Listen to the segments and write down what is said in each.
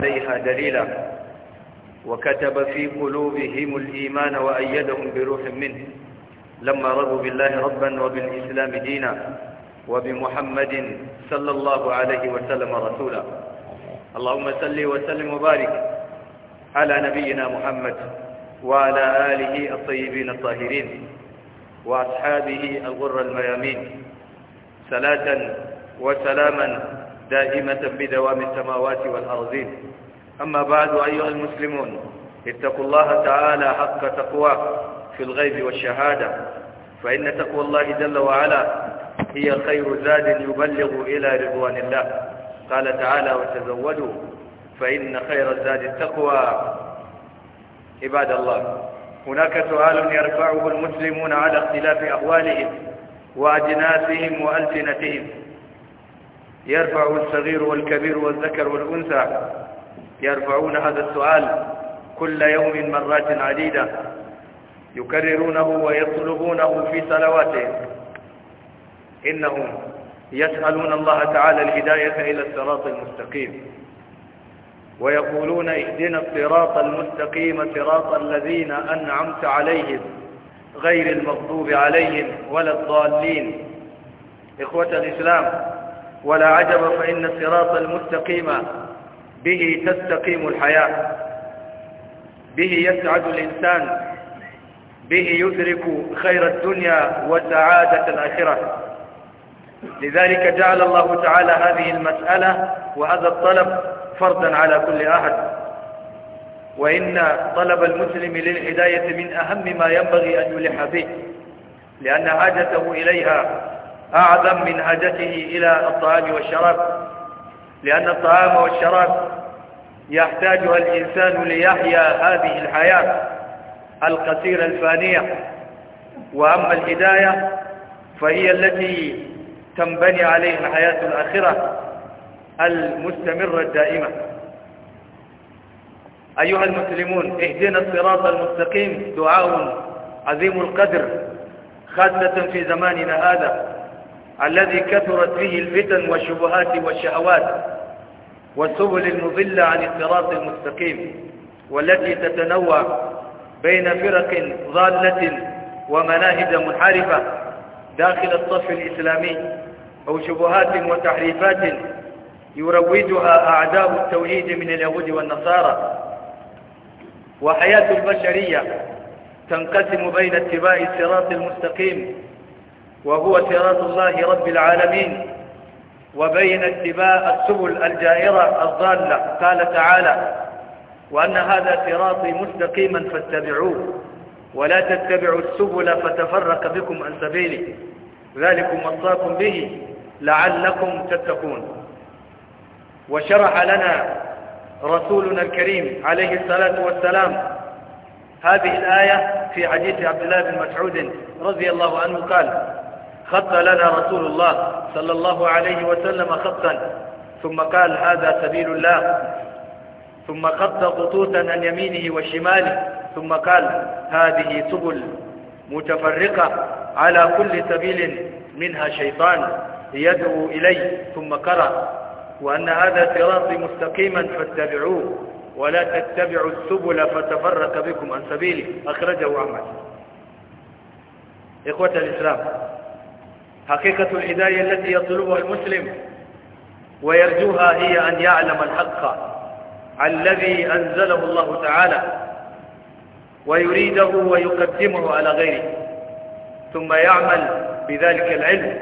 عليها دليلا وكتب في قلوبهم الإيمان وأيدهم بروح منه لما رضوا بالله ربا وبالإسلام دينا وبمحمد صلى الله عليه وسلم رسولا اللهم صل وسلم وبارك على نبينا محمد وعلى آله الطيبين الطاهرين وأصحابه الغر الميامين صلاة وسلاما دائمة بدوام السماوات والأرضين أما بعد أيها المسلمون اتقوا الله تعالى حق تقواه في الغيب والشهادة فإن تقوى الله جل وعلا هي خير زاد يبلغ إلى رضوان الله قال تعالى وتزودوا فإن خير الزاد التقوى عباد الله هناك سؤال يرفعه المسلمون على اختلاف أحوالهم وأجناسهم وألسنتهم يرفع الصغير والكبير والذكر والأنثى يرفعون هذا السؤال كل يوم مرات عديدة يكررونه ويطلبونه في صلواتهم إنهم يسألون الله تعالى الهداية إلى الصراط المستقيم ويقولون اهدنا الصراط المستقيم صراط الذين أنعمت عليهم غير المغضوب عليهم ولا الضالين إخوة الإسلام ولا عجب فإن الصراط المستقيم به تستقيم الحياة به يسعد الإنسان به يدرك خير الدنيا وسعادة الآخرة لذلك جعل الله تعالى هذه المسألة وهذا الطلب فرضا على كل أحد وإن طلب المسلم للهداية من أهم ما ينبغي أن يلح به لأن حاجته إليها أعظم من حاجته إلى الطعام والشراب لأن الطعام والشراب يحتاجها الإنسان ليحيا هذه الحياة القصيرة الفانية وأما الهداية فهي التي تنبني عليها الحياة الآخرة المستمرة الدائمة أيها المسلمون اهدنا الصراط المستقيم دعاء عظيم القدر خاصة في زماننا هذا الذي كثرت فيه الفتن والشبهات والشهوات والسبل المضلة عن الصراط المستقيم والتي تتنوع بين فرق ضالة ومناهج منحرفة داخل الصف الإسلامي أو شبهات وتحريفات يروجها أعداء التوحيد من اليهود والنصارى وحياة البشرية تنقسم بين اتباع الصراط المستقيم وهو صراط الله رب العالمين وبين اتباع السبل الجائرة الضالة قال تعالى وأن هذا صراطي مستقيما فاتبعوه ولا تتبعوا السبل فتفرق بكم عن سبيله ذلكم وصاكم به لعلكم تتقون وشرح لنا رسولنا الكريم عليه الصلاة والسلام هذه الآية في حديث عبد الله بن مسعود رضي الله عنه قال خط لنا رسول الله صلى الله عليه وسلم خطا ثم قال هذا سبيل الله ثم خط خطوطا عن يمينه وشماله ثم قال هذه سبل متفرقة على كل سبيل منها شيطان يدعو إليه ثم قرأ وأن هذا صراطي مستقيما فاتبعوه ولا تتبعوا السبل فتفرق بكم عن سبيله أخرجه أحمد إخوة الإسلام حقيقة الهداية التي يطلبها المسلم ويرجوها هي أن يعلم الحق الذي أنزله الله تعالى ويريده ويقدمه على غيره ثم يعمل بذلك العلم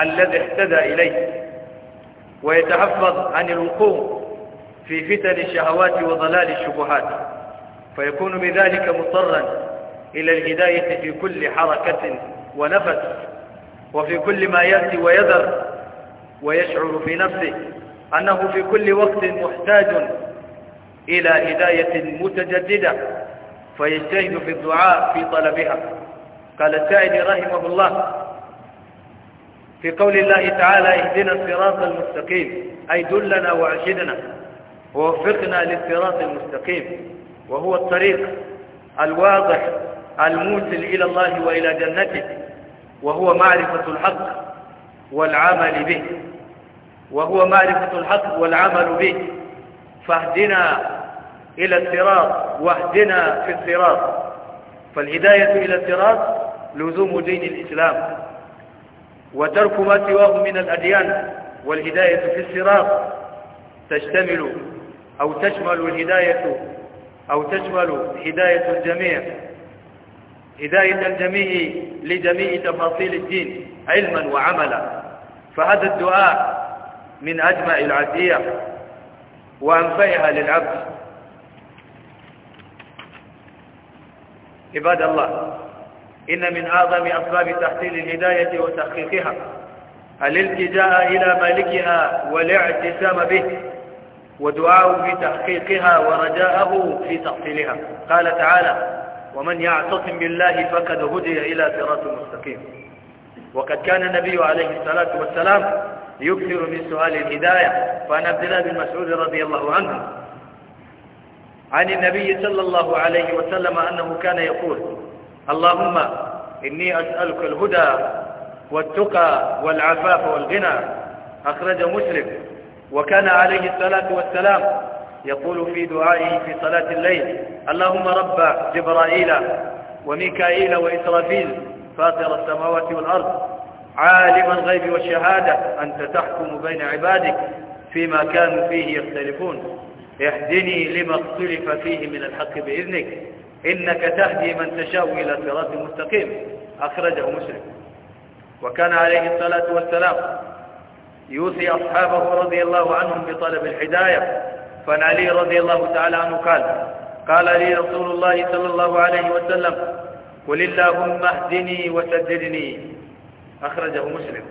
الذي اهتدى إليه ويتحفظ عن الوقوع في فتن الشهوات وضلال الشبهات فيكون بذلك مضطرا إلى الهداية في كل حركة ونفس وفي كل ما يأتي ويذر ويشعر في نفسه أنه في كل وقت محتاج إلى هداية متجددة فيجتهد في الدعاء في طلبها قال السائد رحمه الله في قول الله تعالى اهدنا الصراط المستقيم أي دلنا وأرشدنا ووفقنا للصراط المستقيم وهو الطريق الواضح الموصل إلى الله وإلى جنته وهو معرفة الحق والعمل به وهو معرفة الحق والعمل به فاهدنا إلى الصراط واهدنا في الصراط فالهداية إلى الصراط لزوم دين الإسلام وترك ما سواه من الأديان والهداية في الصراط تشتمل أو تشمل الهداية أو تشمل هداية الجميع هداية الجميع لجميع تفاصيل الدين علما وعملا فهذا الدعاء من أجمع العزية وأنفعها للعبد عباد الله إن من أعظم أسباب تحصيل الهداية وتحقيقها الالتجاء إلى مالكها والاعتسام به ودعاء في تحقيقها ورجاءه في تحصيلها قال تعالى ومن يعتصم بالله فقد هدي إلى صراط مستقيم وقد كان النبي عليه الصلاة والسلام يكثر من سؤال الهداية فأنا عبد الله بن مسعود رضي الله عنه عن النبي صلى الله عليه وسلم أنه كان يقول اللهم إني أسألك الهدى والتقى والعفاف والغنى أخرج مسلم وكان عليه الصلاة والسلام يقول في دعائه في صلاة الليل اللهم رب جبرائيل وميكائيل وإسرافيل فاطر السماوات والأرض عالم الغيب والشهادة أنت تحكم بين عبادك فيما كانوا فيه يختلفون اهدني لما اختلف فيه من الحق بإذنك إنك تهدي من تشاء إلى صراط مستقيم أخرجه مسلم وكان عليه الصلاة والسلام يوصي أصحابه رضي الله عنهم بطلب الحداية فعن علي رضي الله تعالى عنه قال قال لي رسول الله صلى الله عليه وسلم قل اللهم اهدني وسددني أخرجه مسلم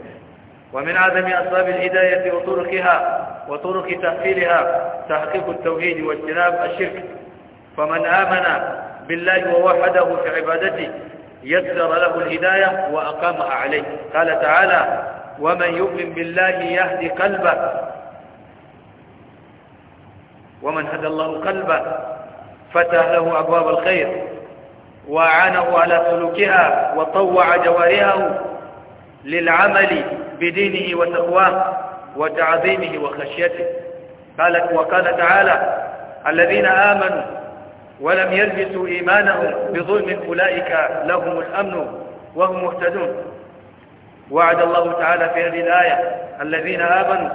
ومن عدم أسباب الهداية وطرقها وطرق تحصيلها تحقيق التوحيد واجتناب الشرك فمن آمن بالله ووحده في عبادته يسر له الهداية وأقامها عليه قال تعالى ومن يؤمن بالله يهدي قلبه ومن هدى الله قلبه فتح له أبواب الخير وأعانه على سلوكها وطوع جوارحه للعمل بدينه وتقواه وتعظيمه وخشيته قال وقال تعالى الذين آمنوا ولم يلبسوا إيمانهم بظلم أولئك لهم الأمن وهم مهتدون وعد الله تعالى في هذه الآية الذين آمنوا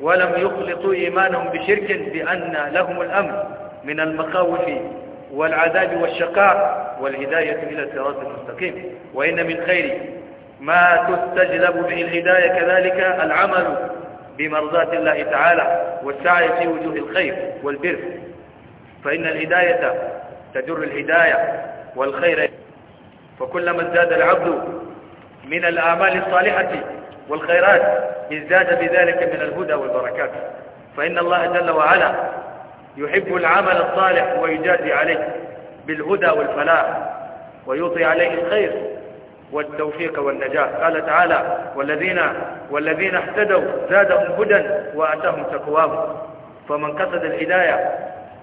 ولم يخلطوا إيمانهم بشرك بأن لهم الأمن من المخاوف والعذاب والشقاء والهداية إلى الصراط المستقيم وإن من خير ما تستجلب به الهداية كذلك العمل بمرضاة الله تعالى والسعي في وجوه الخير والبر فإن الهداية تجر الهداية والخير فكلما ازداد العبد من الأعمال الصالحة والخيرات ازداد بذلك من الهدى والبركات فإن الله جل وعلا يحب العمل الصالح ويجازي عليه بالهدى والفلاح ويوطي عليه الخير والتوفيق والنجاة قال تعالى والذين, والذين اهتدوا زادهم هدى وأتاهم تقواهم فمن قصد الهداية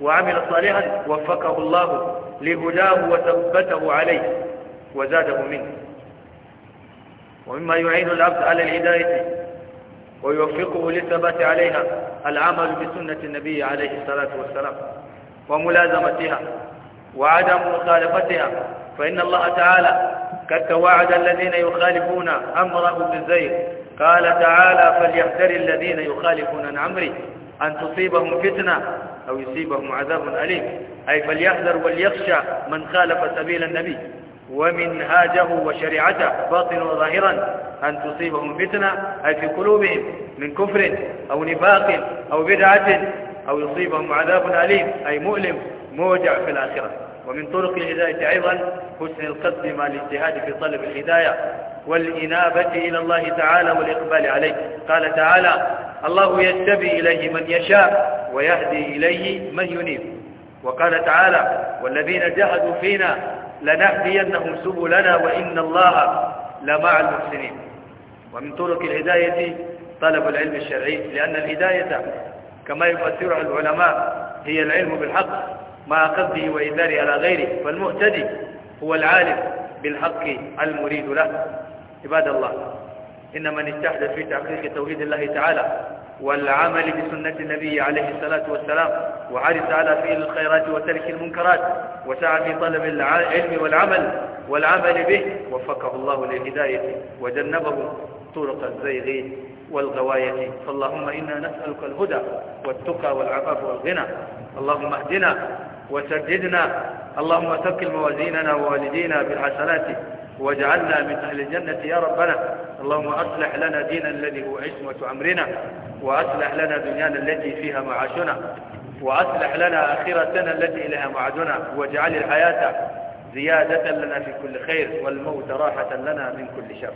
وعمل صالحا وفقه الله لهداه وثبته عليه وزاده منه ومما يعين العبد على الهداية ويوفقه للثبات عليها العمل بسنة النبي عليه الصلاة والسلام وملازمتها وعدم مخالفتها فإن الله تعالى قد توعد الذين يخالفون أمره بالزير قال تعالى فليحذر الذين يخالفون عن أمري أن تصيبهم فتنة أو يصيبهم عذاب أليم أي فليحذر وليخشى من خالف سبيل النبي ومنهاجه وشريعته باطنا وظاهرا أن تصيبهم فتنة أي في قلوبهم من كفر أو نفاق أو بدعة أو يصيبهم عذاب أليم أي مؤلم موجع في الآخرة ومن طرق الهداية أيضا حسن القصد مع الاجتهاد في طلب الهداية والإنابة إلى الله تعالى والإقبال عليه قال تعالى الله يتبي إليه من يشاء ويهدي إليه من ينيب وقال تعالى والذين جهدوا فينا لنهدينهم سبلنا وإن الله لمع المحسنين ومن طرق الهداية طلب العلم الشرعي لأن الهداية كما يفسرها العلماء هي العلم بالحق مع قصده وإذاره على غيره فالمهتدي هو العالم بالحق المريد له عباد الله إن من اجتهد في تحقيق توحيد الله تعالى والعمل بسنة النبي عليه الصلاة والسلام وعرس على فعل الخيرات وترك المنكرات وسعى في طلب العلم والعمل والعمل به وفقه الله للهداية وجنبه طرق الزيغ والغواية فاللهم إنا نسألك الهدى والتقى والعفاف والغنى اللهم اهدنا وسددنا اللهم ثقل موازيننا ووالدينا بالحسنات واجعلنا من أهل الجنة يا ربنا اللهم أصلح لنا دينا الذي هو عصمة أمرنا وأصلح لنا دنيانا التي فيها معاشنا وأصلح لنا آخرتنا التي إليها معادنا واجعل الحياة زيادة لنا في كل خير والموت راحة لنا من كل شر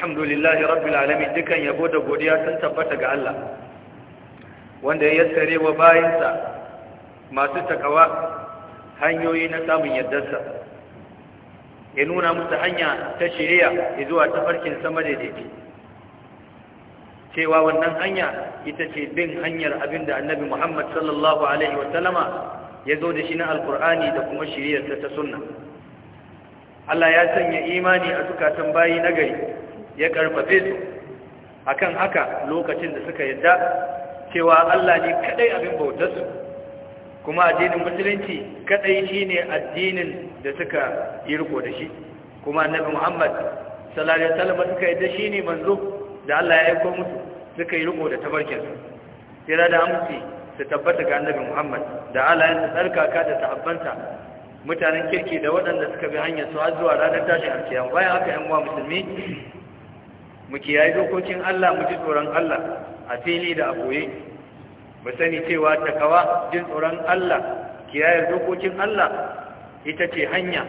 alhamdulillahi rabbil alamin dukan yabo da godiya sun tabbata ga Allah wanda ya yassare wa bayinsa masu takawa hanyoyi na samun yardarsa ya nuna musu hanya ta shiriya zuwa tafarkin sama daidai. cewa wannan hanya ita ce bin hanyar abinda annabi Muhammad sallallahu alaihi ya zo da shi na alkur'ani da kuma shiriyarsa ta sunna Allah ya sanya imani a zukatan bayi na gari ya karfafe su akan haka lokacin da suka yadda cewa Allah ne kadai abin bautarsu kuma addinin musulunci kadai shine addinin da suka yi riko da shi kuma annabi Muhammad sallallahu alaihi wasallam suka yadda shine manzo da Allah ya aika musu suka yi riko da tabarkin sai da amsi su tabbata ga annabi Muhammad da Allah tsarka tsarkaka da ta'abbanta mutanen kirki da waɗanda suka bi hanyar su har zuwa ranar tashin alkiyama bayan haka ƴan uwa musulmi mu kiyaye dokokin Allah mu ji tsoron Allah a fili da a boye mu sani cewa takawa jin tsoron Allah kiyaye dokokin Allah ita ce hanya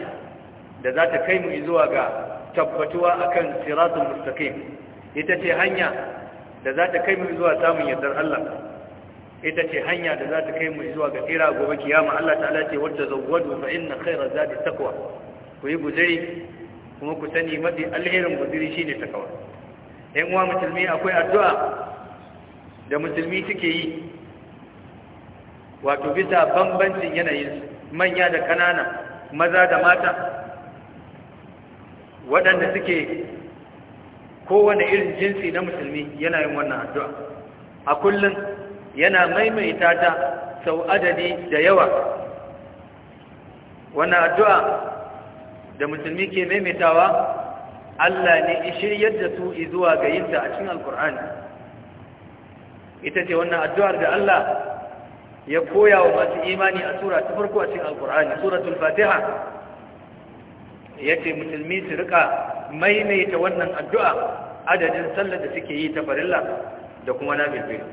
da za ta kai mu zuwa ga tabbatuwa akan siratul mustaqim ita ce hanya da za ta kai mu zuwa samun yardar Allah ita ce hanya da za ta kai mu zuwa ga tsira gobe kiyama Allah ta'ala ce wadda zawwadu fa inna khayra zadi taqwa ku yi guzuri kuma ku sani mafi alherin guzuri shine takawa Yan uwa musulmi akwai addu'a da musulmi suke yi wato bisa bambancin yanayin manya da kanana maza da mata waɗanda suke kowane irin jinsi na musulmi yana yin wannan addu'a a kullum yana maimaita ta sau adadi da yawa wannan addu'a da musulmi ke maimaitawa Allah ne ya shiryar da su zuwa ga yinta a cikin alkur'ani ita ce wannan addu'ar da Allah ya koya wa masu imani a sura ta farko a cikin alkur'ani suratul fatiha yace musulmi su rika maimaita wannan addu'a adadin sallar da suke yi ta farilla da kuma na bilbil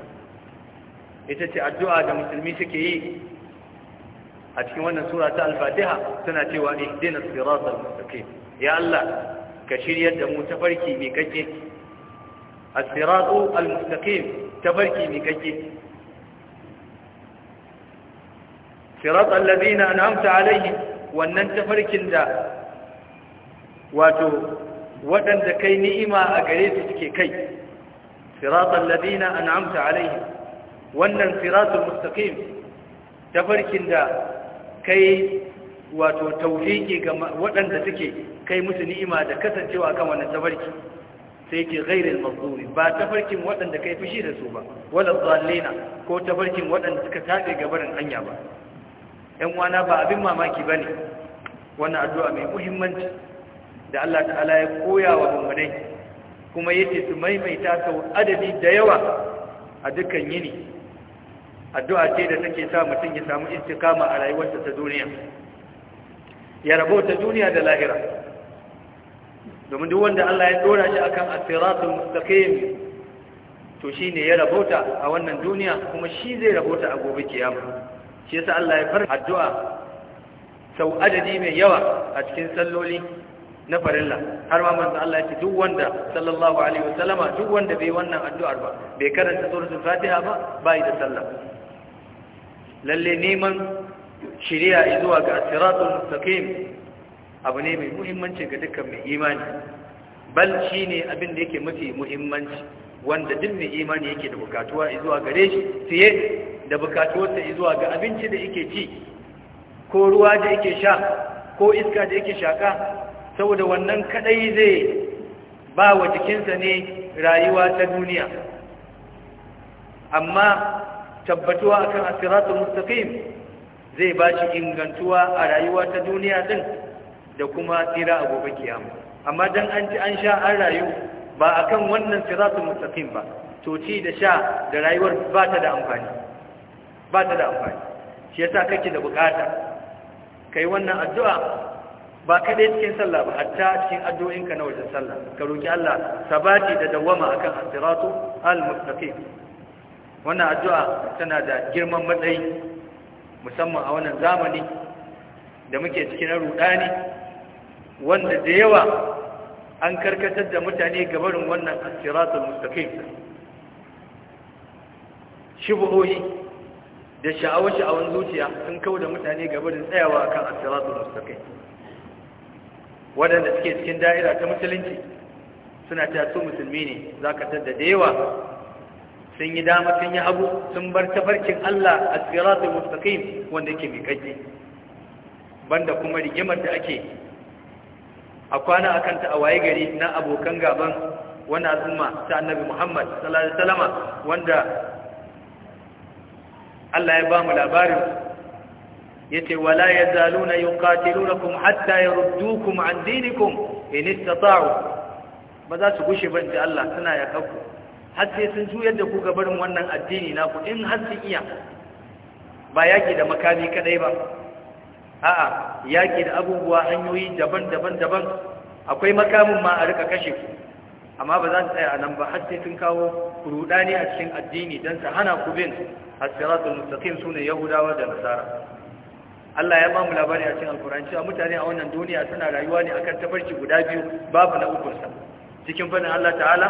ita ce addu'a da musulmi suke yi a cikin wannan sura ta al-fatiha suna cewa ihdinas siratal mustaqim ya Allah ka shiryar da mu tafarki mai kake as-siratu al-mustaqim tafarki mai kake sirat alladhina an'amta alaihim wannan tafarkin da wato waɗanda kai ni'ima a gare su suke kai sirat alladhina an'amta alaihim wannan siratul mustaqim tafarkin da kai wato tawfiki ga waɗanda suke kai musu ni'ima da kasancewa kan wannan tafarki sai ke ghairil maghdubi ba tafarkin waɗanda kai fushi da su ba wala dhallina ko tafarkin waɗanda suka tabe gabarin hanya ba Yan uwana ba abin mamaki bane wannan addu'a mai muhimmanci da Allah ta'ala ya koya wa mummunai kuma yace su maimaita sau adadi da yawa a dukkan yini addu'a ce da take sa mutum ya samu istiqama a rayuwarsa ta duniya ya rabo ta duniya da lahira domin duk wanda Allah ya dora shi akan as-siratul mustaqim to shine ya rabota a wannan duniya kuma shi zai rabota a gobe kiyama shi yasa Allah ya far addu'a sau adadi mai yawa a cikin salloli na farilla har ma manzo Allah ya ce duk wanda sallallahu alaihi wasallama duk wanda bai wannan addu'ar ba bai karanta suratul fatiha ba bai da sallah lalle neman shari'a zuwa ga as-siratul mustaqim abu ne mai muhimmanci ga dukkan mai imani bal shi ne abin da yake mafi muhimmanci wanda duk mai imani yake da bukatuwa zuwa gare shi fiye da bukatuwarsa zuwa ga abinci da yake ci ko ruwa da yake sha ko iska da yake shaka saboda wannan kadai zai ba wa jikinsa ne rayuwa ta duniya amma tabbatuwa akan asiratul mustaqim zai ba shi ingantuwa a rayuwa ta duniya din da kuma tsira a gobe kiyama amma dan an ci an sha an rayu ba akan wannan siratul mustaqim ba to ci da sha da rayuwar ba ta da amfani ba ta da amfani shi yasa kake da bukata kai wannan addu'a ba kaɗai cikin sallah ba hatta cikin addu'inka na wajen sallah ka roki Allah sabati da dawama akan as al-mustaqim wannan addu'a tana da girman matsayi musamman a wannan zamani da muke cikin rudani wanda da yawa an karkatar da mutane gabarin wannan asiratul mustaqim shubuhohi da a wani zuciya sun kawo da mutane gabarin tsayawa akan asiratul mustaqim waɗanda suke cikin da'ira ta musulunci suna su musulmi ne za ka da yawa sun yi dama sun yi abu sun bar tafarkin Allah a tsiratul mustaqim wanda yake miƙaƙi banda kuma rigimar da ake a kwana a kanta a waye gari na abokan gaban wanda azumma ta annabi muhammad salama wanda Allah ya ba mu labarin ya ce wala yazaluna yuqatilunakum hatta yurdukum an dinikum in istata'u ba za su gushe ban Allah suna ya kafu har sai sun juyar da ku barin wannan addini naku in har sun iya ba yaki da makami kadai ba a'a yaƙi da abubuwa hanyoyi daban-daban daban akwai makamin ma a rika kashe ku amma ba za su tsaya a nan ba har sai sun kawo rudani a cikin addini don su hana ku bin as-siratul mustaqim sunan yahudawa da nasara Allah ya ba mu labari a cikin alkur'ani cewa mutane a wannan duniya suna rayuwa ne akan tafarki guda biyu babu na uku sa cikin fadin Allah ta'ala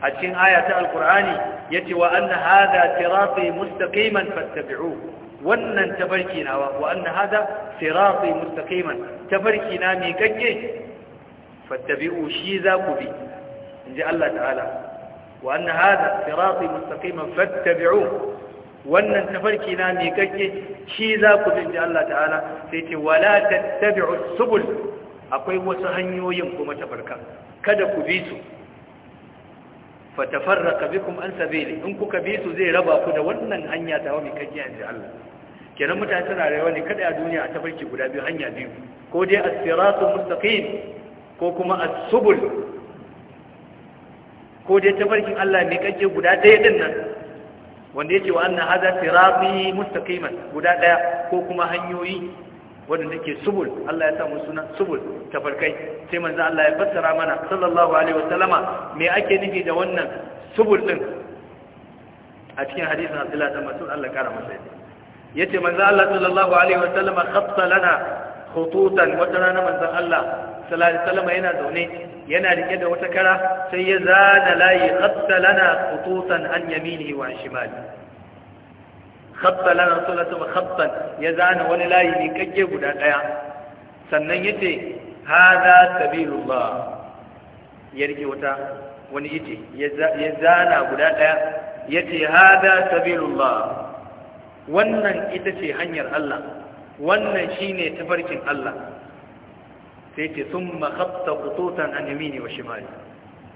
a cikin aya ta alkur'ani yace wa anna hadha sirati mustaqiman fattabi'uhu wannan tafarki nawa wa anna hada sirati mustaqiman tafarki na mai kakke fattabi'u shi za ku bi inji Allah ta'ala wa anna hada sirati mustaqiman fattabi'u wannan tafarki na mai kakke shi za ku bi inji Allah ta'ala sai ce wala tattabi'u subul akwai wasu hanyoyin kuma tafarka kada ku bi su fatafarraka bikum an sabili in kuka bi su zai raba ku da wannan hanya ta wa mai kakke inji Allah kenan mutane suna rayuwa ne kada a duniya a tafarki guda biyu hanya biyu ko dai as-siratul mustaqim ko kuma as-subul ko dai tafarkin Allah ne kake guda ɗaya din nan wanda yake wa anna hadha sirati mustaqiman guda ɗaya ko kuma hanyoyi wanda take subul Allah ya sa mu suna subul tafarkai sai manzo Allah ya fassara mana sallallahu alaihi wasallama me ake nufi da wannan subul din a cikin hadisin Abdullah bin Mas'ud Allah ya kara masa yace manzo Allah sallallahu alaihi wa sallama khatta lana khututan wata rana manzo Allah sallallahu alaihi wa sallama yana zaune yana rike da wata kara sai ya zana layi khatta lana khututan an yaminihi wa shimali khatta lana sallallahu khattan ya zana wani layi ne kake guda daya sannan yace hada sabilullah ya rike wata wani yace ya zana guda daya yace hada sabilullah wannan ita ce hanyar Allah wannan shine tafarkin Allah sai ce sun makabta kututan an yamini wa shimali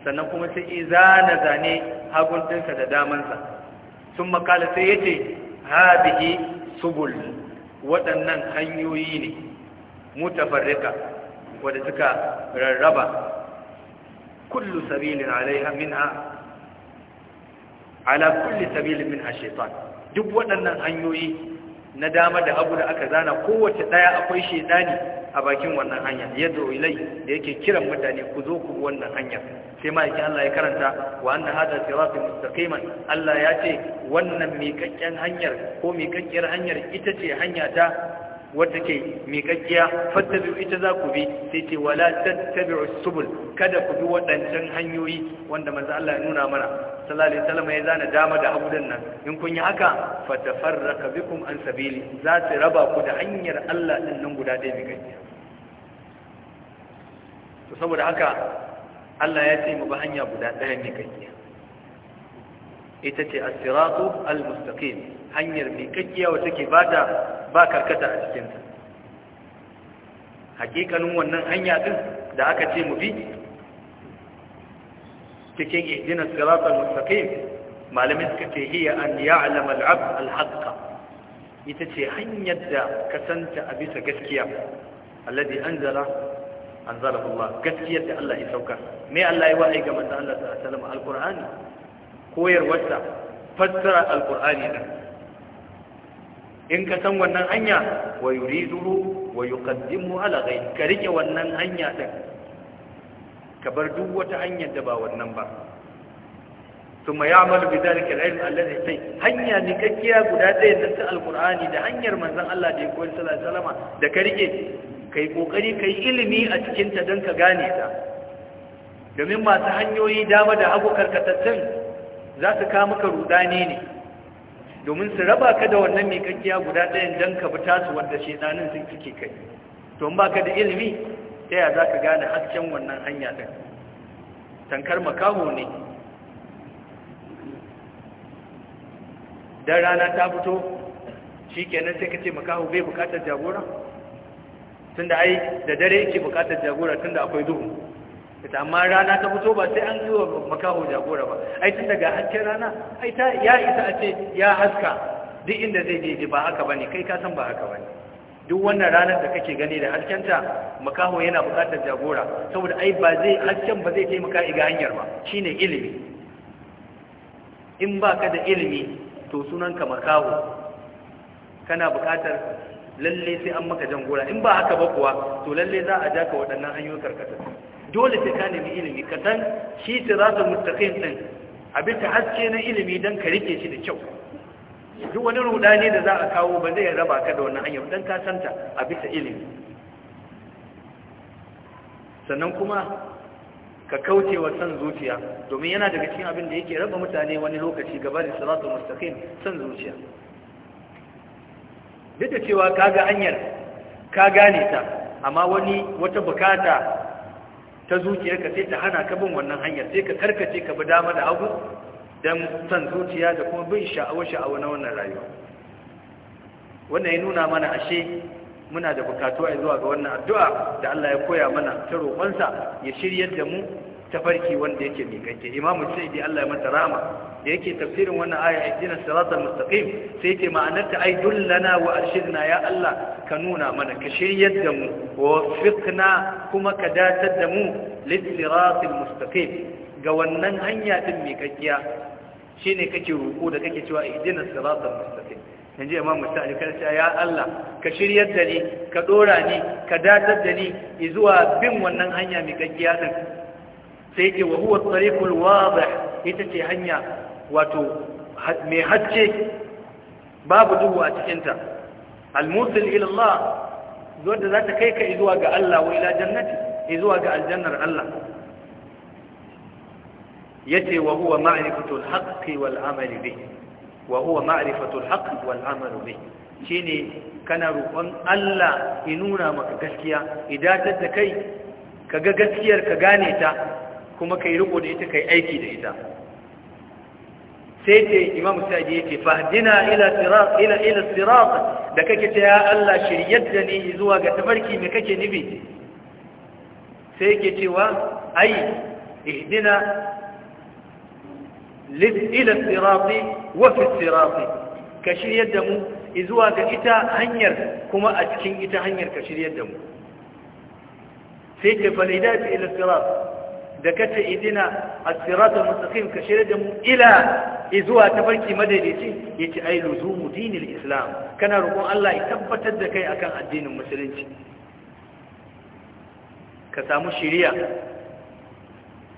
sannan kuma sai izana zane hagun ɗinsa da damansa sun makala sai ya ce haɗihi subul waɗannan hanyoyi ne mutafarrika wadda suka rarraba kullu sabilin alaiha minha ala kulle sabilin min a shaitan duk waɗannan hanyoyi na dama da abu da aka zana kowace ɗaya akwai shaidani a bakin wannan hanya yadda ilai da yake kiran mutane ku zo ku wannan hanya sai ma yake Allah ya karanta wa anna hada sirati mustaqiman Allah ya ce wannan miƙaƙƙen hanyar ko miƙaƙƙiyar hanyar ita ce hanya ta Wata ke miƙaƙiya biyu ita za ku bi sai ce wala tattabi'u subul kada ku bi waɗancan hanyoyi wanda manzo Allah ya nuna mana sallallahu alaihi wasallam ya zana dama da abudan nan in kun yi haka fatafarraka bikum an sabili za su raba ku da hanyar Allah din nan guda ɗaya miƙaƙiya to saboda haka Allah ya ce mu bi hanya guda ɗaya miƙaƙiya ita ce as-siratu al-mustaqim hanyar miƙaƙiya wacce ke bada ba karkata a cikin ta hakikanin wannan hanya din da aka ce mu bi cikin ihdina as-sirata al-mustaqim malamin suka ce hiya an ya'lama al-'abd al-haqqa ita ce hanyar da ka kasanta a bisa gaskiya alladhi anzala anzalahu Allah gaskiya da Allah ya sauka me Allah ya wahayi ga manzon Allah sallallahu alaihi wasallam al-Qur'ani koyarwarsa fassara alkur'ani din in ka san wannan hanya wa yuriduhu wa yuqaddimu ala ghayr ka riƙe wannan hanya din ka bar duk wata hanyar da ba wannan ba ya ثم يعمل بذلك العلم الذي sai. hanya ne kakkiya guda ɗaya da ta alqur'ani da hanyar manzon Allah da ya koyi sallallahu alaihi wasallam da ka rike kai kokari kai ilimi a cikin ta dan ka gane ta domin masu hanyoyi dama da hagu karkatattun za su ka maka rudani ne domin su raba ka da wannan mai kakkiya guda ɗayan don ka fita su wanda shaidanin sun suke kai to ba ka da ilimi ta yaya za ka gane hasken wannan hanya ɗin tankar makaho ne don rana ta fito shi kenan sai ka ce makaho bai bukatar jagora tunda ai da dare yake bukatar jagora tunda akwai duhu ita amma rana ta fito ba sai an yi wa makaho jagora ba ai tun daga hasken rana ai ta ya isa a ce ya haska duk inda zai je ba haka bane kai ka san ba haka bane duk wannan ranar da kake gani da haskenta makaho yana buƙatar jagora saboda ai ba zai hasken ba zai taimaka iga hanyar ba shine ilimi in ba ka da ilimi to sunan ka makaho kana buƙatar lalle sai an maka jagora in ba haka ba kuwa to lalle za a ja ka waɗannan hanyoyin karkatattu dole sai ka nemi ilimi ka san shi za siratul mustaqim ɗin abin ta haske na ilimi don ka rike shi da kyau duk wani rudani da za a kawo ba zai raba ka da wannan hanyar don ka santa a bisa ilimi sannan kuma ka kauce wa san zuciya domin yana daga cikin abin da yake raba mutane wani lokaci gaba da salatu mustaqim san zuciya duk da cewa kaga hanyar ka gane ta amma wani wata bukata ta ka sai ta hana ka bin wannan hanyar sai ka karkace ka bi dama da abu don san zuciya da kuma bin sha'awar shaawa na wannan rayuwa wannan ya nuna mana ashe muna da bukatu a zuwa ga wannan addu'a da Allah ya koya mana ta roƙonsa ya shiryar da mu tafarki wanda yake miƙaƙe imamu sayyidi Allah ya mata rama da yake tafsirin wannan aya ihdina siratal mustaqim sai yake ma'anarta ai dullana wa arshidna ya Allah ka nuna mana ka shiryar da mu wa fiqna kuma ka datar da mu lis siratal mustaqim ga wannan hanya din miƙaƙiya shine kake roƙo da kake cewa ihdina siratal mustaqim yanzu imam musta'ani kada ce ya Allah ka shiryar da ni ka dora ni ka datar da ni zuwa bin wannan hanya miƙaƙiya din sai yake wa huwa tsarikul wadih ita ce hanya wato mai hacce babu duhu a cikinta al ila Allah zuwa za ta kai ka zuwa ga Allah wa ila jannati zuwa ga aljannar Allah yace wa huwa ma'rifatul haqqi wal amali bih wa huwa ma'rifatul haqqi wal amalu bih shine kana roƙon Allah inuna nuna maka gaskiya idatar da kai kaga gaskiyar ka gane ta kuma kai riko da ita kai aiki da ita sai ce imam sa'adi yake fahdina ila sirat ila ila sirat da kake ta ya Allah shiryar da ni zuwa ga tabarki me kake nufi sai yake cewa ai ihdina ila sirat wa fi sirat ka shiryar da mu zuwa ga ita hanyar kuma a cikin ita hanyar ka shiryar da mu sai ce falidati ila sirat da kace idina a siratun mustaqim ka shirya da mu ila izuwa tafarki madaidaici yace ai luzumu dinin islam kana roƙon Allah ya tabbatar da kai akan addinin musulunci ka samu shiriya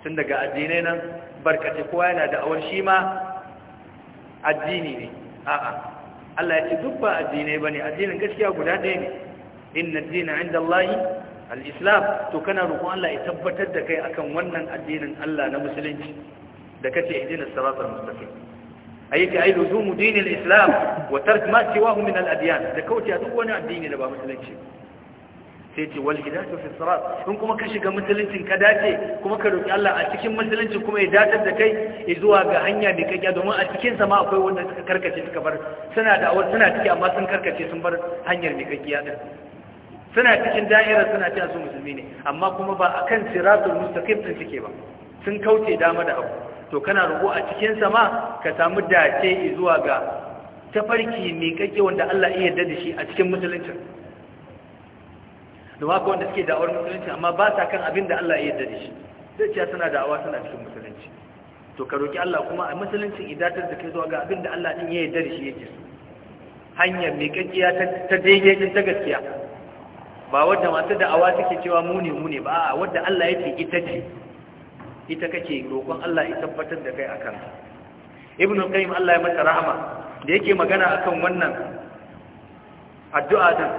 tun daga addinai nan barkace kowa yana da awar shi ma addini ne a'a Allah ya ce duk ba addinai bane addinin gaskiya guda ɗaya ne inna dina 'inda Allah Al'islam to kana roƙon Allah ya tabbatar da kai akan wannan addinin Allah na musulunci da kace ihdinas siratal mustaqim ayyuka ay luzumu dinil islam wa tark ma siwahu min al-adyan da kauce duk wani addini da ba musulunci sai ce wal hidayatu fi sirat in kuma ka shiga musuluncin ka dace kuma ka roki Allah a cikin musulunci kuma ya datar da kai zuwa ga hanya da kake domin a cikin sa ma akwai wanda suka karkace suka bar suna da suna ciki amma sun karkace sun bar hanyar da kake ya din suna cikin da'irar suna cewa su musulmi ne amma kuma ba akan siratul mustaqim din suke ba sun kauce dama da abu to kana rubo a cikin sama ka samu dace zuwa ga tafarki mai kake wanda Allah ya yarda da shi a cikin musulunci da haka wanda suke da'awar musulunci amma ba sa kan abin da Allah ya yarda da shi sai cewa suna da'awa suna cikin musulunci to ka roƙi Allah kuma a musulunci idatar da kai zuwa ga abin da Allah din ya yarda da shi yake hanyar mai kakkiya ta daidai ta gaskiya ba wadda masu da'awa suke cewa mu ne ba a wadda Allah ya ce ita ce ita kake roƙon Allah ya tabbatar da kai akan ibn qayyim Allah ya mata rahama da yake magana akan wannan addu'a din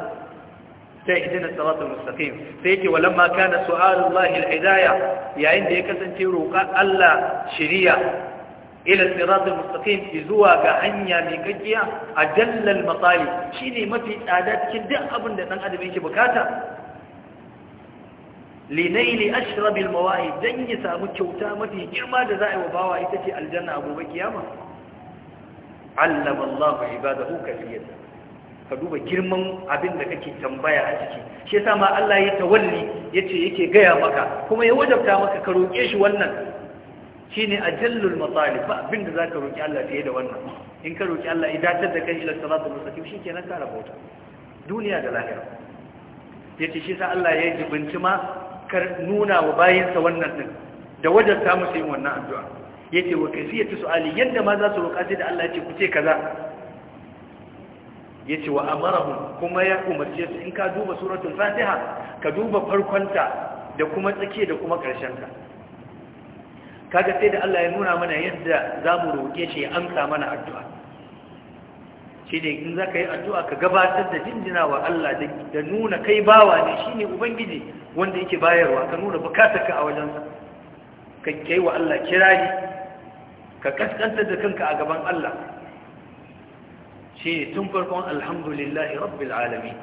sai idina salatul mustaqim sai yake walamma kana su'alullahi al-hidayah yayin da ya kasance roƙon Allah shiriya ila siratul mustaqim zuwa ga hanya mai a ajalla al matalib shine mafi tsada cikin duk abin da dan adam yake bukata linaili ashrab al mawahib dan ya samu kyauta mafi girma da za a yi wa bawa ita ce aljanna gobe kiyama allama Allah ibadahu kafiyatan ka duba girman abin da kake tambaya a ciki shi yasa ma Allah ya tawalli yace yake gaya maka kuma ya wajabta maka ka roke shi wannan a ajallul matsali ba abinda zaka roƙi Allah fiye da wannan in ka roƙi Allah idatar da kai ila shi ke shikenan ka bauta. duniya da lahira Ya ce shi sa Allah ya jibinci ma kar nuna wa bayansa wannan din da wajen ta musu yin wannan addu'a Ya ce wa kai kasiyatu su'ali yadda ma za su roka sai da Allah yace ku ce kaza ce wa amarahum kuma ya umarce su in ka duba suratul fatiha ka duba farkonta da kuma tsakiya da kuma ƙarshenta kaga sai da Allah ya nuna mana yadda za mu roƙe shi ya amsa mana addu'a shi ne in za ka yi addu'a ka gabatar da jinjina wa Allah da nuna kai bawa ne shi ne Ubangiji wanda yake bayarwa ka nuna bukatarka a wajensa ka kai wa Allah kirari ka kaskantar da kanka a gaban Allah shi ne tun farkon alhamdulillahi rabbil alami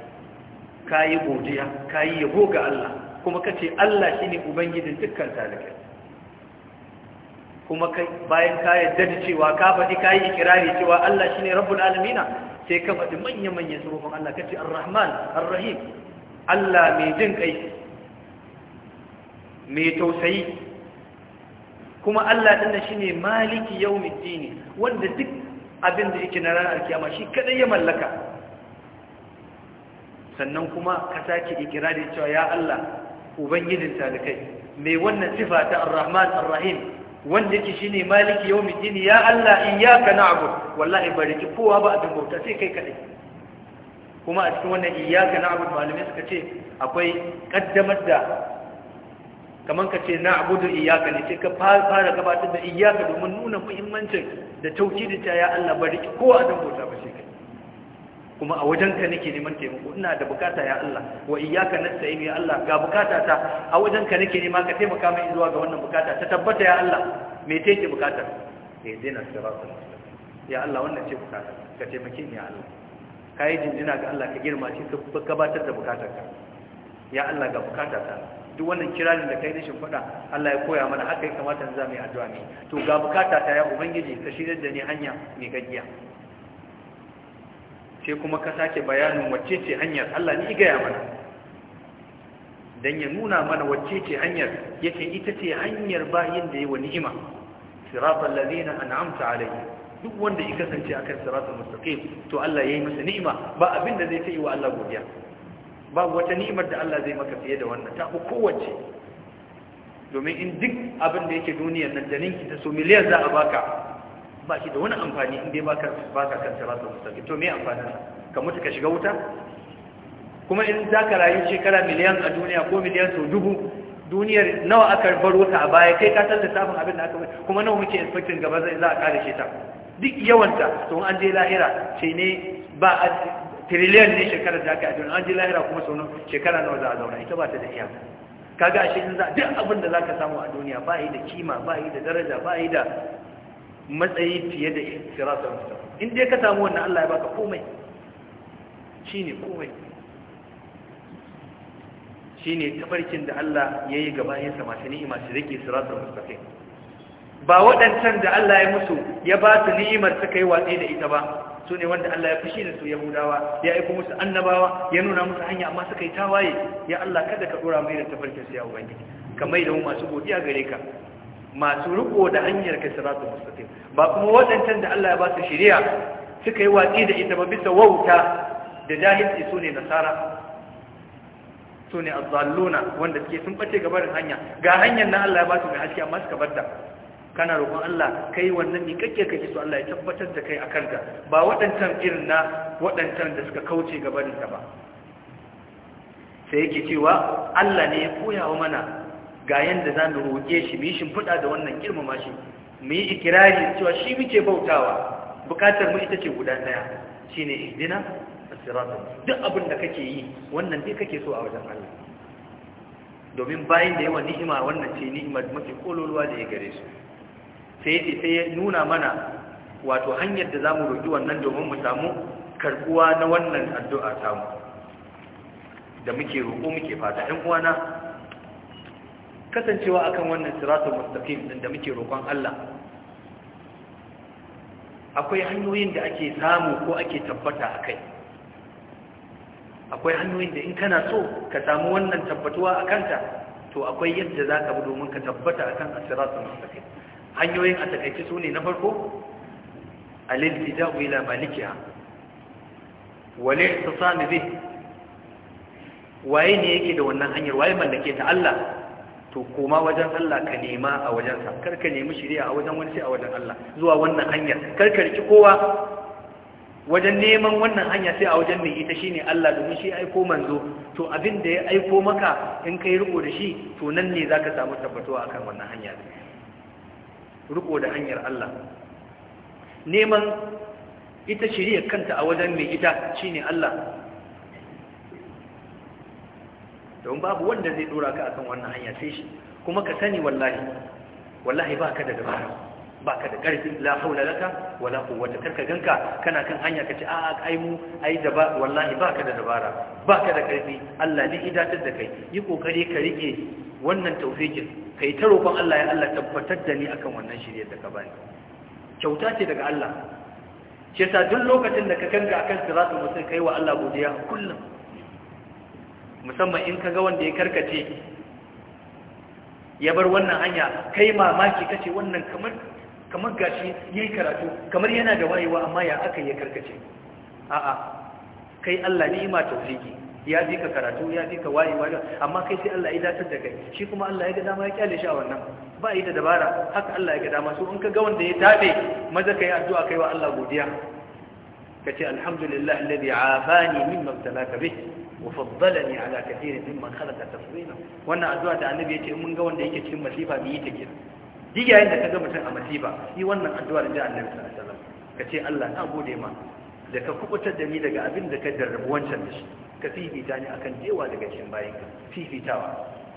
ka yi godiya ka yi yabo ga Allah kuma ka ce Allah shi ne Ubangijin dukkan talakai kuma kai, bayan ka yarda cewa ka faɗi ka yi ikirari cewa Allah shine rabbul alamina sai ka faɗi manya-manyan surufin Allah ka ce ar-rahman ar-rahim Allah mai jin kai mai tausayi kuma Allah ɗin shine maliki yawmiddin wanda duk abin da yake na ranar kiyama shi kadai ya mallaka sannan kuma ka sake ikirari cewa ya Allah ubangijin talikai mai wannan sifa ta ar-rahman ar-rahim wanda yake ne maliki yau yawmiddin ya Allah iyyaka na'budu wallahi ki kowa ba a bauta sai kai kadai kuma a cikin wannan na na'budu malamai suka ce akwai kaddamar da kaman ka ce na'budu iyaka ne sai ka fara gabatar da iyaka domin nuna muhimmancin da da ta ya Allah ki kowa a bauta ba sai kuma a wajenka nake neman taimako ina da bukata ya Allah wa iyyaka nasta'in ya Allah ga bukata ta a wajenka nake nema ka taimaka min zuwa ga wannan bukata ta tabbata ya Allah me take bukatar eh dena siratal ya Allah wannan ce bukata ka taimake ni ya Allah kai jinjina ga Allah ka girma shi ka gabatar da bukatarka ya Allah ga bukata ta duk wannan kiranin da kai nishin fada, Allah ya koya mana haka ya kamata in za mu yi addu'a ne to ga bukata ta ya ubangiji ka shirye da ni hanya mai gajiya sai kuma ka sake bayanin wacce ce hanyar Allah ni gaya mana Don ya nuna mana wacce ce hanyar yake ita ce hanyar bayan da wa ni'ima siratal ladina an'amta alayhi duk wanda ya kasance akan siratal mustaqim to Allah yayi masa ni'ima ba abin da zai ta wa Allah godiya ba wata ni'imar da Allah zai maka fiye da wannan ta kowace domin in duk abin da yake duniyar nan da ninki ta so miliyan za a baka ba shi da wani amfani in dai baka baka kan sirata mustaqim to me amfanin ka mutu ka shiga wuta kuma in za ka rayu shekara miliyan a duniya ko miliyan sau dubu duniyar nawa aka bar wuta a baya kai ka san lissafin abin da aka bai kuma nawa muke expectin gaba zai za a kare shi ta duk yawanta to an je lahira ce ne ba a trillion ne shekarar da aka yi a duniya an je lahira kuma sau shekara nawa za a zauna ita ba ta da iyaka kaga ashe in za duk abin da zaka samu a duniya ba yi da kima ba yi da daraja ba yi da matsayi fiye da siratul mutum inda ya ka samu wannan Allah ya baka komai shine komai shine tabarkin da Allah yi gaba yin sama masu ni'ima su rike siratul mutum ba waɗancan da Allah ya musu ya ba su ni'imar suka yi watsi da ita ba su ne wanda Allah ya shi da su Yahudawa ya aiko musu annabawa ya nuna musu hanya amma suka yi tawaye ya Allah kada ka dora mai da tafarkin su ya ubangiji mai da mu masu godiya gare ka masu riko da hanyar ka siratul mustaqim ba kuma waɗancan da Allah ya ba su shari'a suka yi watsi da ita ba bisa wauta da jahilci su ne nasara su ne azzalluna wanda suke sun bace gabarin hanya ga hanyar na Allah ya ba su mai haske amma suka bar kana roƙon Allah kai wannan ni kake kake so Allah ya tabbatar da kai akan kanka? ba waɗancan irin na waɗancan da suka kauce gabarin ta ba sai yake cewa Allah ne ya koya wa mana ga yadda za mu roƙe shi mu yi shimfiɗa da wannan girmama shi mu yi ikirari cewa shi muke bautawa bukatar mu ita ce guda ɗaya ne ihdina as-sirata duk abin da kake yi wannan dai kake so a wajen Allah domin bayan da yawan ni'ima wannan ce ni'imar mafi kololuwa da ya gare su sai yace sai ya nuna mana wato hanyar da zamu roƙi wannan domin mu samu karɓuwa na wannan addu'a samu da muke roƙo muke fata ɗan uwana kasancewa akan wannan siratul mustaqim din da muke roƙon Allah akwai hanyoyin da ake samu ko ake tabbata akai akwai hanyoyin da in kana so ka samu wannan tabbatuwa akanta to akwai yadda zaka bi domin ka tabbata akan siratul mustaqim hanyoyin a takeice sune na farko al-iltija'u ila malikiha wal ihtisam bih waye ne yake da wannan hanyar waye mallake ta Allah to koma wajen Allah ka nema a wajensa kar ka nemi shari'a a wajen wani sai a wajen Allah zuwa wannan hanya kar ka riki kowa wajen neman wannan hanya sai a wajen mai ita shine Allah domin shi aiko manzo to abin da ya aiko maka in kai riko da shi to nan ne zaka samu tabbatuwa akan wannan hanya riko da hanyar Allah neman ita shari'a kanta a wajen mai ita shine Allah don babu wanda zai dora ka akan wannan hanya sai shi kuma ka sani wallahi wallahi baka da dabara baka da karfi la haula laka wala quwwata karka ganka kana kan hanya kace a ai mu ai da ba wallahi baka da dabara baka da karfi Allah ne idatar da kai yi kokari ka rike wannan tawfiqin kai ta roƙon Allah ya Allah tabbatar da ni akan wannan shirye da ka bani kyauta ce daga Allah ce sa duk lokacin da ka kanka akan siratul mustaqim kai wa Allah godiya kullum musamman in kaga wanda ya karkace ya bar wannan hanya kai mamaki kace wannan kamar kamar gashi yayi karatu kamar yana da wayewa amma ya aka ya karkace a'a kai Allah ni'ima tawfiki ya fi ka karatu ya fi ka wayewa amma kai sai Allah ya datar da kai shi kuma Allah ya ga dama ya kyale shi a wannan ba yi da dabara haka Allah ya ga dama so in kaga wanda ya tabe maza kai addu'a kai wa Allah godiya kace alhamdulillah alladhi afani mimma ibtalaka bih وفضلني على كثير ممن خلق تفضيلا wannan addu'a da annabi yace mun ga wanda yake cikin masifa mu yi ta kenan duk yayin da kaga mutum a masifa yi wannan addu'ar da annabi sallallahu alaihi wasallam kace Allah na gode ma da ka kubutar da ni daga abin da ka jarrabu wancan da shi ka fifita ni akan jewa daga cikin bayin ka fifitawa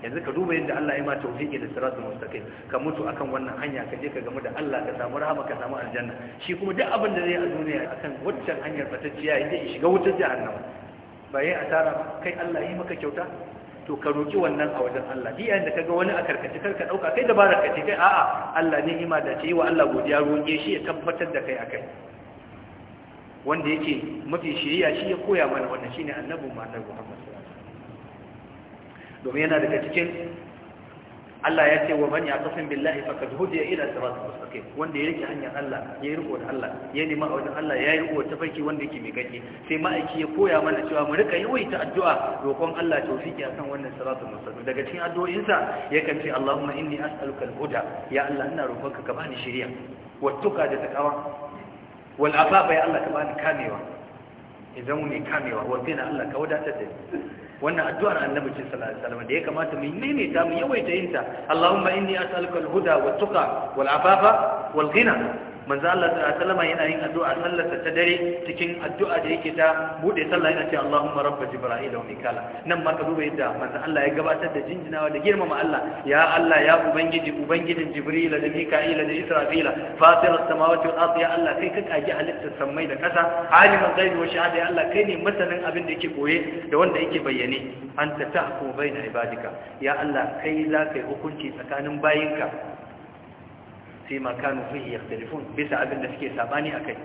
yanzu ka duba yadda Allah ya ma tawfiqi da siratul mustaqim ka mutu akan wannan hanya ka je ka gamu da Allah ka samu rahama ka samu aljanna shi kuma duk abin da zai a duniya akan waccan hanyar fatacciya yadda ya shiga wutar jahannama baye a tara kai Allah yi maka kyauta to ka roki wannan a wajen Allah di yayin da kaga wani a karkace karka dauka kai da baraka ce kai a'a Allah ne ima da ce wa Allah godiya roke shi ya tabbatar da kai akai wanda yake mafi shiriya shi ya koya mana wannan shine annabi Muhammad sallallahu alaihi wasallam domin yana daga cikin Allah ya ce wa man ya'tasim billahi faqad hudiya ila siratal mustaqim wanda ya rike hanyar Allah ya yi riko da Allah ya nima a wajen Allah ya riko ta farki wanda yake mai gaki sai ma'aiki ya koya mana cewa mu rika ta addu'a roƙon Allah tawfiki akan wannan siratal mustaqim daga cikin addu'o'insa yakan ce Allahumma inni as'aluka al-huda ya Allah ina roƙonka ka bani shiriya wattuka da takawa wal afafa ya Allah ka bani kamewa idan mu ne kamewa wa Allah ka wadatar da wannan addu'ar annabi ce salama da ya kamata mu maimaita mu yawaita yin ta Allahumma inni as'aluka al-huda wat wal-afafa wal gina. manzo Allah sallallahu alaihi yana yin addu'a sallarsa ta dare cikin addu'a da yake ta bude sallah yana cewa Allahumma rabb jibril wa nan ma ka duba yadda manzo Allah ya gabatar da jinjinawa da girmama Allah ya Allah ya ubangiji ubangijin jibril da mika'ila da israfila fatir as-samawati wal ardi ya Allah kai ka kaji halittar samai da kasa alimul ghaibi wa shahada ya Allah kai ne masanin abin da yake koye da wanda yake bayyane anta tahkum baina ibadika ya Allah kai za ka yi hukunci tsakanin bayinka fi ma kanu fihi yaktalifun bisa abin da suke sabani kai.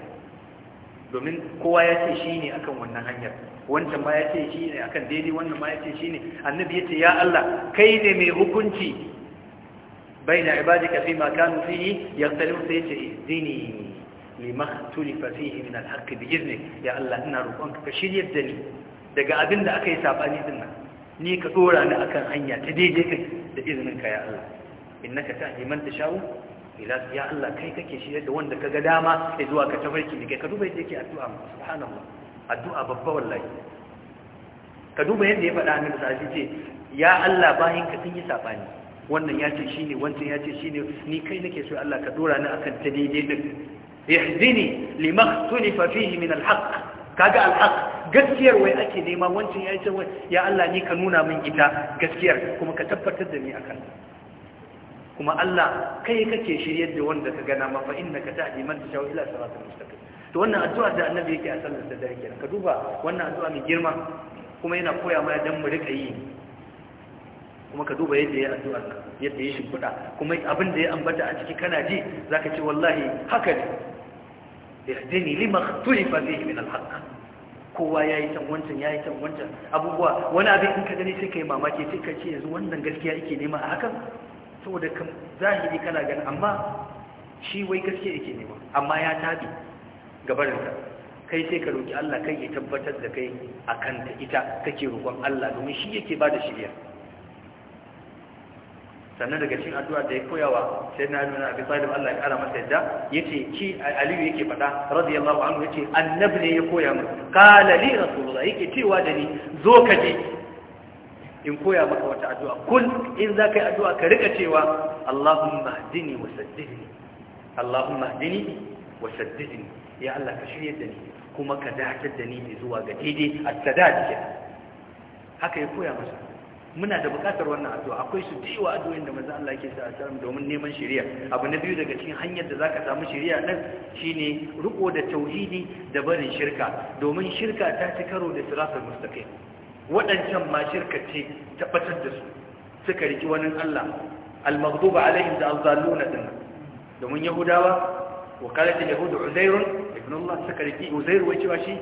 domin kowa ya ce shi ne akan wannan hanyar wancan ma ya ce shi ne akan daidai wannan ma ya ce shi ne annabi ya ce ya Allah kai ne mai hukunci baina ibadika fi ma kanu fihi yaktalifun sai ya ce dini lima tulifa fihi min alhaqqi bi izni ya Allah ina roƙonka ka shiryar da ni daga abin da aka yi sabani din nan ni ka dora ni akan hanya ta daidai da izinin ka ya Allah innaka tahdi man tashau ila ya Allah kai kake shirye da wanda kaga dama sai zuwa ka tafarki ne kai ka duba yadda yake addu'a subhanallah addu'a babba wallahi ka duba yadda ya faɗa annabi sai ce ya Allah bayin ka sun yi sabani wannan ya ce shine wancan ya ce shine ni kai nake so Allah ka dora ni akan ta daidai din ihdini lima ikhtalafa fihi min alhaq kaga alhaq gaskiyar wai ake nema wancan ya ce ya Allah ni ka nuna min ita gaskiyar kuma ka tabbatar da ni akan ta kuma Allah kai kake shiryar da wanda ka gana ma fa innaka tahdi man tasha ila siratal mustaqim to wannan addu'a da annabi yake a sallar da dare kenan ka duba wannan addu'a mai girma kuma yana koya mana dan mu rika yi kuma ka duba yadda ya addu'a yadda ya shimfiɗa kuma abin da ya ambata a ciki kana ji zaka ce wallahi haka ne ihdini lima ikhtalifa fihi min alhaq Kowa kowa yayi tan wancan yayi tan wancan abubuwa wani abin in ka gani sai kai mamaki sai ka ce yanzu wannan gaskiya yake nema a hakan saboda kan zahiri kana gani amma shi wai gaske yake nema amma ya tabi gabarinsa kai sai ka roki Allah kai ya tabbatar da kai akan ta ita kake roƙon Allah domin shi yake ba da shirya sannan daga cikin addu'a da ya koyawa sai na nuna a bisa talib Allah ya kara masa yadda yace ki aliyu yake faɗa radiyallahu anhu yace annabi ne ya koya mu qala li rasulullah yake cewa da ni zo ka je in koya maka wata addu'a kul in za ka yi addu'a ka rika cewa Allahumma hdini wa saddidni Allahumma hdini wa saddidni ya Allah ka shirye da ni kuma ka dace da ni zuwa ga daidai at-sadad haka ya koya masa muna da bukatar wannan addu'a akwai su tiwa addu'o'in da manzo Allah yake sa a tsarin domin neman shari'a abu na biyu daga cikin hanyar da zaka samu shari'a din shine riko da tauhidi da barin shirka domin shirka ta ci karo da siratul mustaqim waɗancan ma shirka tabbatar da su suka riki wani Allah al-maghdub alaihim da al-zalluna din domin yahudawa wa qalat al-yahud uzair ibn Allah suka riki uzair wai cewa shi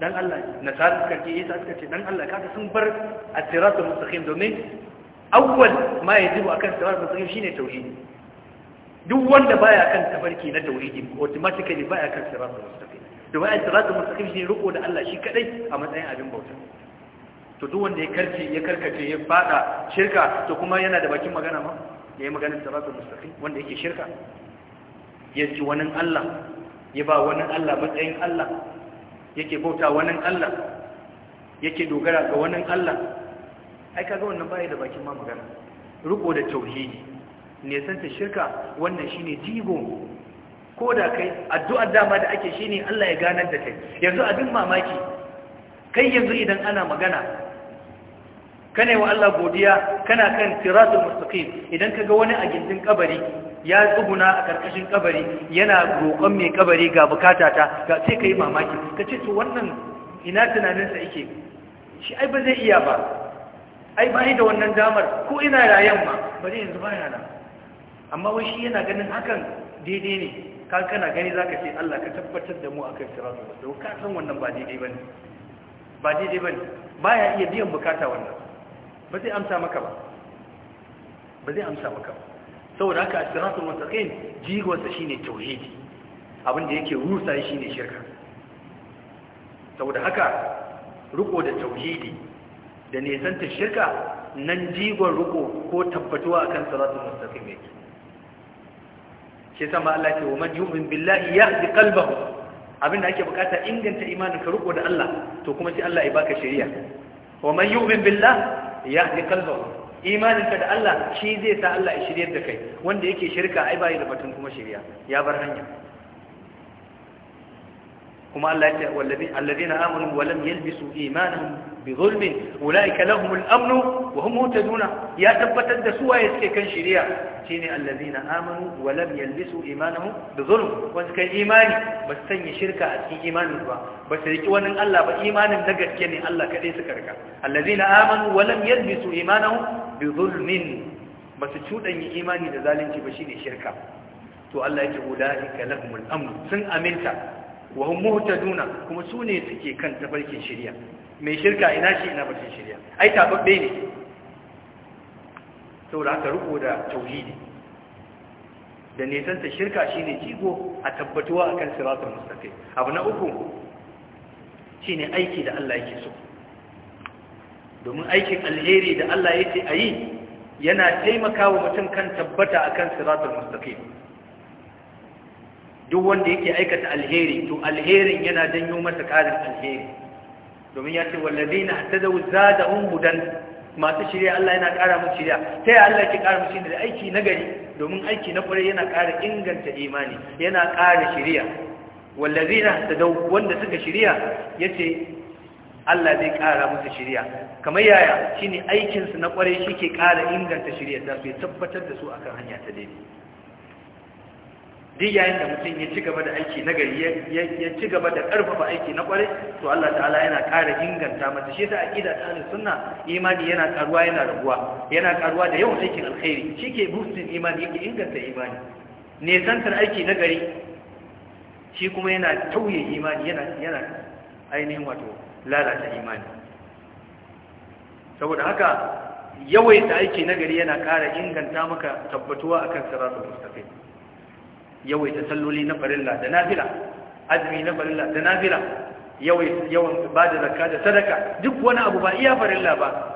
dan Allah nasara suka riki isa suka ce dan Allah kaga sun bar at-siratul mustaqim domin awwal ma yajibu akan siratul mustaqim shine tauhidi duk wanda baya kan tafarki na tauhidi automatically baya kan siratul mustaqim domin siratul mustaqim shine riko da Allah shi kadai a matsayin abin bauta to duk wanda ya karce ya karkace ya fada shirka to kuma yana da bakin magana ma Ya yi maganin siratul mustaqim wanda yake shirka ya ji wani Allah ya ba wani Allah matsayin Allah yake bauta wani Allah yake dogara ga wani Allah ai kaga wannan bai da bakin ma magana ruko da tauhidi ne santa shirka wannan shine jigo ko da kai addu'ar dama da ake shine Allah ya ganar da kai yanzu abin mamaki kai yanzu idan ana magana kana wa Allah godiya kana kan siratul mustaqim idan kaga wani a gindin kabari ya tsuguna a karkashin kabari yana roƙon mai kabari ga bukata ta ga sai kai mamaki kace to wannan ina tunaninsa yake shi ai ba zai iya ba ai ba da wannan damar ko ina rayan ma zai yanzu ba nan amma wai shi yana ganin hakan daidai ne kan kana gani zaka ce Allah ka tabbatar da mu akan siratul mustaqim ka san wannan ba daidai bane ba daidai bane baya iya biyan bukata wannan ba zai amsa maka ba ba zai amsa maka ba saboda haka asiratul mustaqim jigonsa shine tauhidi abin da yake rusa shine shirka saboda haka riko da tauhidi da nesanta shirka nan jigon riko ko tabbatuwa akan siratul mustaqim yake shi sama Allah ke wa man yu'min billahi yahdi qalbahu abinda ake bukata inganta imanin ka riko da Allah to kuma sai Allah ya baka shari'a wa man yu'min billahi yahdi imanin imaninka da Allah shi zai sa Allah ya shiryar da kai wanda yake shirka ai bai da batun kuma shirya ya bar hanya kuma Allah ya ce wallazina amanu wa lam yalbisu imanan bi zulmin ulaika lahum al-amn wa hum muhtaduna ya tabbatar da su waye suke kan shari'a shine allazina amanu wa lam yalbisu imanahum bi zulm wanda kai imani ba su sanya shirka a cikin imanin ba ba su riki wani Allah ba imanin na gaske ne Allah kadai suka rika allazina amanu wa lam yalbisu imanahum bi zulmin ba su cuɗanya imani da zalunci ba shine shirka to Allah ya yake ulaika lahumul amn sun aminta wa hum muhtaduna kuma sune suke kan tafarkin shari'a mai shirka ina shi ina bakin shari'a ai tababbe ne saboda haka ruko da tauhidi da ta shirka shine jigo a tabbatuwa akan siratul mustaqim abu na uku shine aiki da Allah yake so domin aikin alheri da Allah yake ayi yana taimakawa mutum kan tabbata akan siratul mustaqim duk wanda yake aikata alheri to alherin yana janyo masa karin alheri domin ya ce wallazina tadawu zadahum hudan masu shirya Allah yana ƙara mu shirya ta yi Allah ke ƙara musu shirya da aiki na gari domin aiki na kwarai yana ƙara inganta imani yana ƙara shirya wallazina tadawu wanda suka shirya yace Allah zai ƙara musu shirya kamar yaya shine aikinsu na kwarai shi ke ƙara inganta shirya za su ya tabbatar da su akan hanya ta daidai duk yayin da mutum ya ci gaba da aiki na gari ya ci gaba da ƙarfafa aiki na ƙwarai to Allah ta'ala yana ƙara inganta mata shi ta aƙida ta ahlus suna imani yana ƙaruwa yana raguwa yana ƙaruwa da yawan aikin alkhairi ke bustin imani yake inganta imani nesantar aiki na gari shi kuma yana tauye imani yana yana ainihin wato lalata imani saboda haka yawaita aiki na gari yana ƙara inganta maka tabbatuwa akan siratul mustaqim yawaita salloli na farilla da nafila azumi na farilla da nafila yawan ba da zakka da sadaka duk wani abu ba iya farilla ba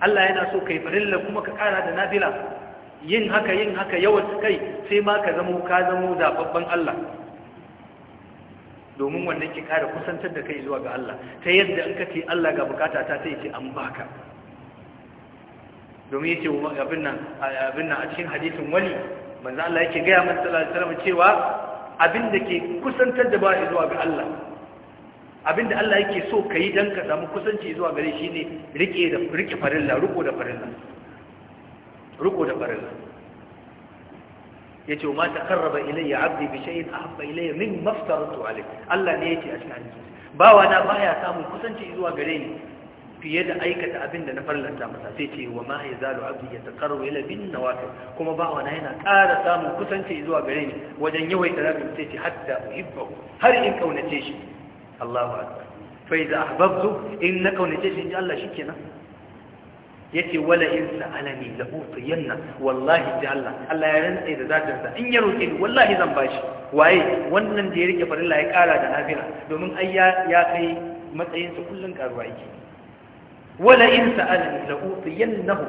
Allah yana so kai farilla kuma ka kara da nafila yin haka yin haka yawan kai sai ma ka zamo ka zamo zababban Allah domin wannan ki kara kusantar da kai zuwa ga Allah ta yadda in ka ce Allah ga bukata ta sai ce an baka domin yace abin nan abin nan a cikin hadisin wali manzo Allah yake gaya min sallallahu alaihi wasallam cewa abin da ke kusantar da ba'i zuwa ga Allah abin da Allah yake so kai dan ka samu kusanci zuwa gare shi ne rike da rike farilla ruko da farilla ruko da farilla yace ma taqarraba ilayya 'abdi bi shay'in ahabba ilayya min maftaratu alayhi Allah ne yake a cikin bawa na baya samun kusanci zuwa gare ni fiye da aikata abin da na farlanta masa sai ce wa ma ya zalu abdi ya taqarru ila na nawafil kuma ba wa yana ƙara samun kusanci zuwa gare ni wajen yawaita rabin sai ce hatta uhibbu har in kaunace shi Allahu akbar fa idza ahbabtu in na kaunace shi inji Allah shikenan yace wala in sa'alani la utiyanna wallahi ji Allah Allah ya rantsa da zatin sa in ya roke ni wallahi zan bashi waye wannan da ya rike farilla ya ƙara da nafila domin ai ya kai matsayinsa su kullun karuwa yake wala in sa'alani la utiyannahu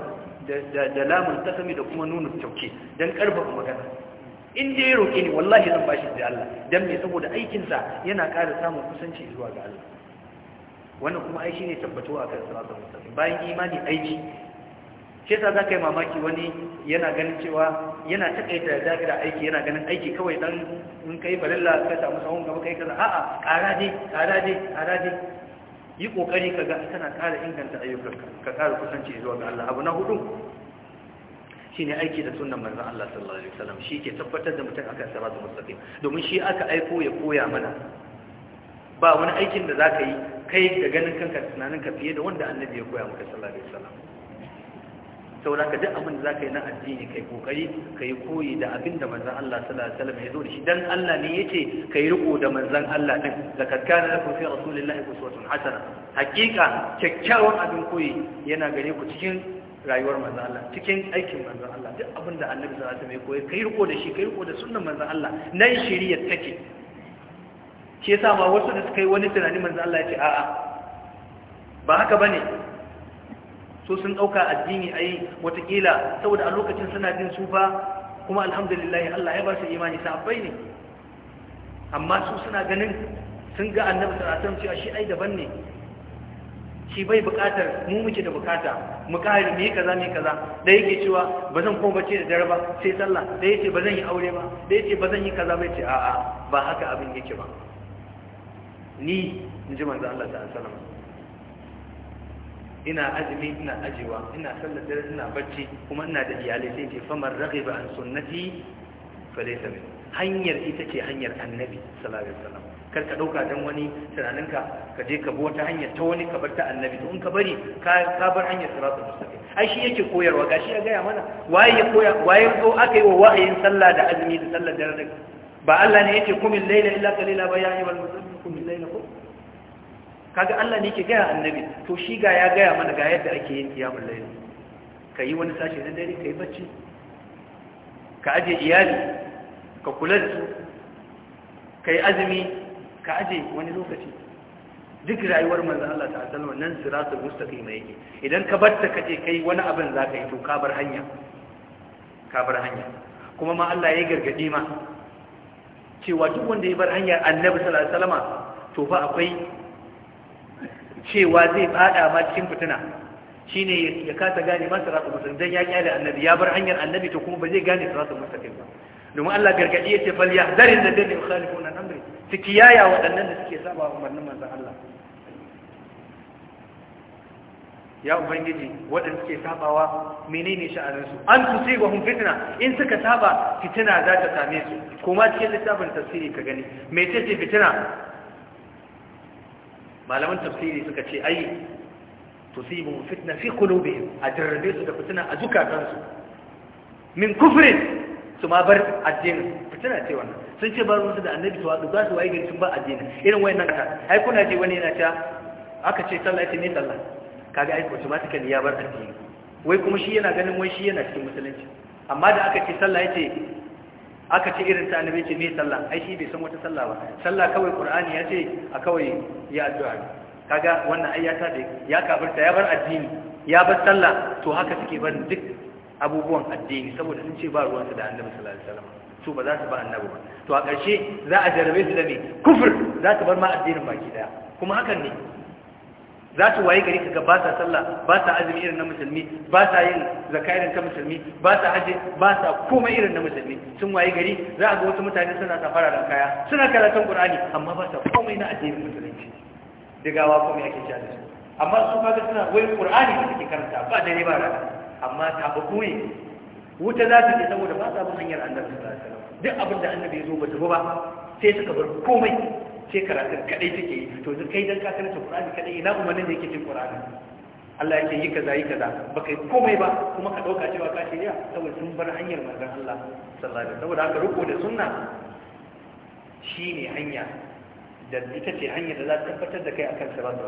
da da lamun kasami da kuma nuna kyauke don karfafa magana in dai roƙe ni wallahi zan bashi da Allah Don me saboda aikinsa yana ƙara samun kusanci zuwa ga Allah wannan kuma ai shine a akan salatul mutane, bayan imani aiki shi za zaka yi mamaki wani yana ganin cewa yana takaita da aiki yana ganin aiki kawai dan in kai balalla ka samu sahun gaba kai kaza a'a ƙara dai ƙara dai ƙara dai yi kokari ka ga kana ƙara inganta ayyukanka ka ƙara kusanci zuwa ga Allah abu na hudu shine aiki da sunnan manzon Allah sallallahu alaihi wasallam shi ke tabbatar da mutum akan siratul mustaqim domin shi aka aiko ya koya mana ba wani aikin da zaka yi kai da ganin kanka tunanin ka fiye da wanda annabi ya koya maka sallallahu alaihi wasallam saboda ka duk abin da za ka yi na addini kai kokari ka yi koyi da abin da manzan Allah sallallahu alaihi wasallam ya zo da shi dan Allah ne yace ka yi riko da manzan Allah din zakat kana lakum fi rasulillahi uswatun hasana hakika kyakkyawan abin koyi yana gare ku cikin rayuwar manzan Allah cikin aikin manzan Allah duk abin da annabi sallallahu alaihi wasallam ya koyi kai riko da shi kai riko da sunnan manzan Allah nan shiriyar take Ke sa ma wasu da suka yi wani tunani manzan Allah ya ce a'a ba haka bane so sun ɗauka addini ai watakila saboda a lokacin suna jin su fa kuma alhamdulillah Allah ya ba su imani sahabbai ne amma su suna ganin sun ga annabi sallallahu alaihi wasallam cewa shi ai daban ne shi bai bukatar mu muke da bukata mu ka mu yi kaza mu kaza da yake cewa ba zan koma bace da dare ba sai sallah da yake ba zan yi aure ba da yake ba zan yi kaza ba ce a'a ba haka abin yake ba ni in ji manzo Allah sallallahu alaihi wasallam ina azumi ina ajewa ina sallar dare ina bacci kuma ina da iyalai sai ce famar raghiba an sunnati falaysa min hanyar ita ce hanyar annabi sallallahu alaihi wasallam kar ka dauka dan wani tunaninka ka je ka bi wata hanyar ta wani ka bar ta annabi to in ka bari ka bar hanyar siratul mustaqim ai shi yake koyarwa gashi ya gaya mana waye ya koya waye ko aka yi wa wahayin sallah da azumi da sallar dare ba Allah ne yake kumil laila illa qalila ba ya ayyuhal muslimin kumil laila kaga Allah ne ke gaya annabi to shi ga ya gaya mana ga yadda ake yin kiyamul layl ka yi wani sashi na dare ka yi bacci ka aje iyali ka kula da su ka yi azumi ka aje wani lokaci duk rayuwar manzan Allah ta asali wannan siratul mustaqima yake idan ka batta kace kai wani abin zaka yi to ka bar hanya ka bar hanya kuma ma Allah ya gargade ma cewa duk wanda ya bar hanya annabi sallallahu alaihi wasallama to fa akwai cewa zai fada ma cikin fituna, shine ya kasa gane ma siratul mustaqim dan ya kyale annabi ya bar hanyar annabi to kuma ba zai gane siratul mustaqim ba domin Allah gargadi yace fal yahdarin ladina yukhalifuna amri su kiyaya waɗannan da suke saba umarnin manzon Allah ya ubangiji waɗanda suke sabawa menene sha'aninsu an tusibahum fitina in suka saba fitina za ta same su kuma cikin littafin tafsiri ka gani me ce fitina malaman tafsiri suka ce ai tusibu fitna fi qulubihim a jarrabe su da fitna a zukatansu min kufri su ma bar addini fitna ce wannan sun ce bar musu da annabi to wato za su waye gari sun ba addini irin wayannan ka ai kuna ji wani yana ta aka ce sallah ce ne sallah kaga ai take ya bar addini wai kuma shi yana ganin wai shi yana cikin musulunci amma da aka ce sallah yace aka ce irin ta annabi ce me sallah ai shi bai san wata sallah ba sallah kawai qur'ani ya ce a kawai ya addu'a kaga wannan ayyata da ya kafirta ya bar addini ya bar sallah to haka suke bar duk abubuwan addini saboda sun ce ba ruwansu da annabi sallallahu alaihi wasallam to ba za su ba annabi ba to a ƙarshe za a jarabe su da kufur za su bar ma baki daya kuma hakan ne za su waye gari kaga ba sa sallah ba sa azumi irin na musulmi ba sa yin zakka irin ta musulmi ba sa haji ba sa komai irin na musulmi sun waye gari za a ga wasu mutane suna safara da kaya suna karatun qur'ani amma ba sa komai na addinin musulunci digawa komai ake cewa da su amma su kaga suna wai qur'ani da suke karanta ba dare ba rana amma tabaku ne wuta za su je saboda ba sa bin hanyar annabi sallallahu alaihi wasallam duk abin da annabi ya zo ba ta ba sai suka bar komai ce karatun kadai take yi to kai dan ka karanta Qur'ani kadai ina umarnin ne yake cin Qur'ani Allah yake yi kaza yi kaza baka yi komai ba kuma ka dauka cewa ka shirya saboda sun bar hanyar manzon Allah sallallahu alaihi wasallam saboda haka ruku da sunna shine hanya da ita ce hanyar da za ta tabbatar da kai akan da wasu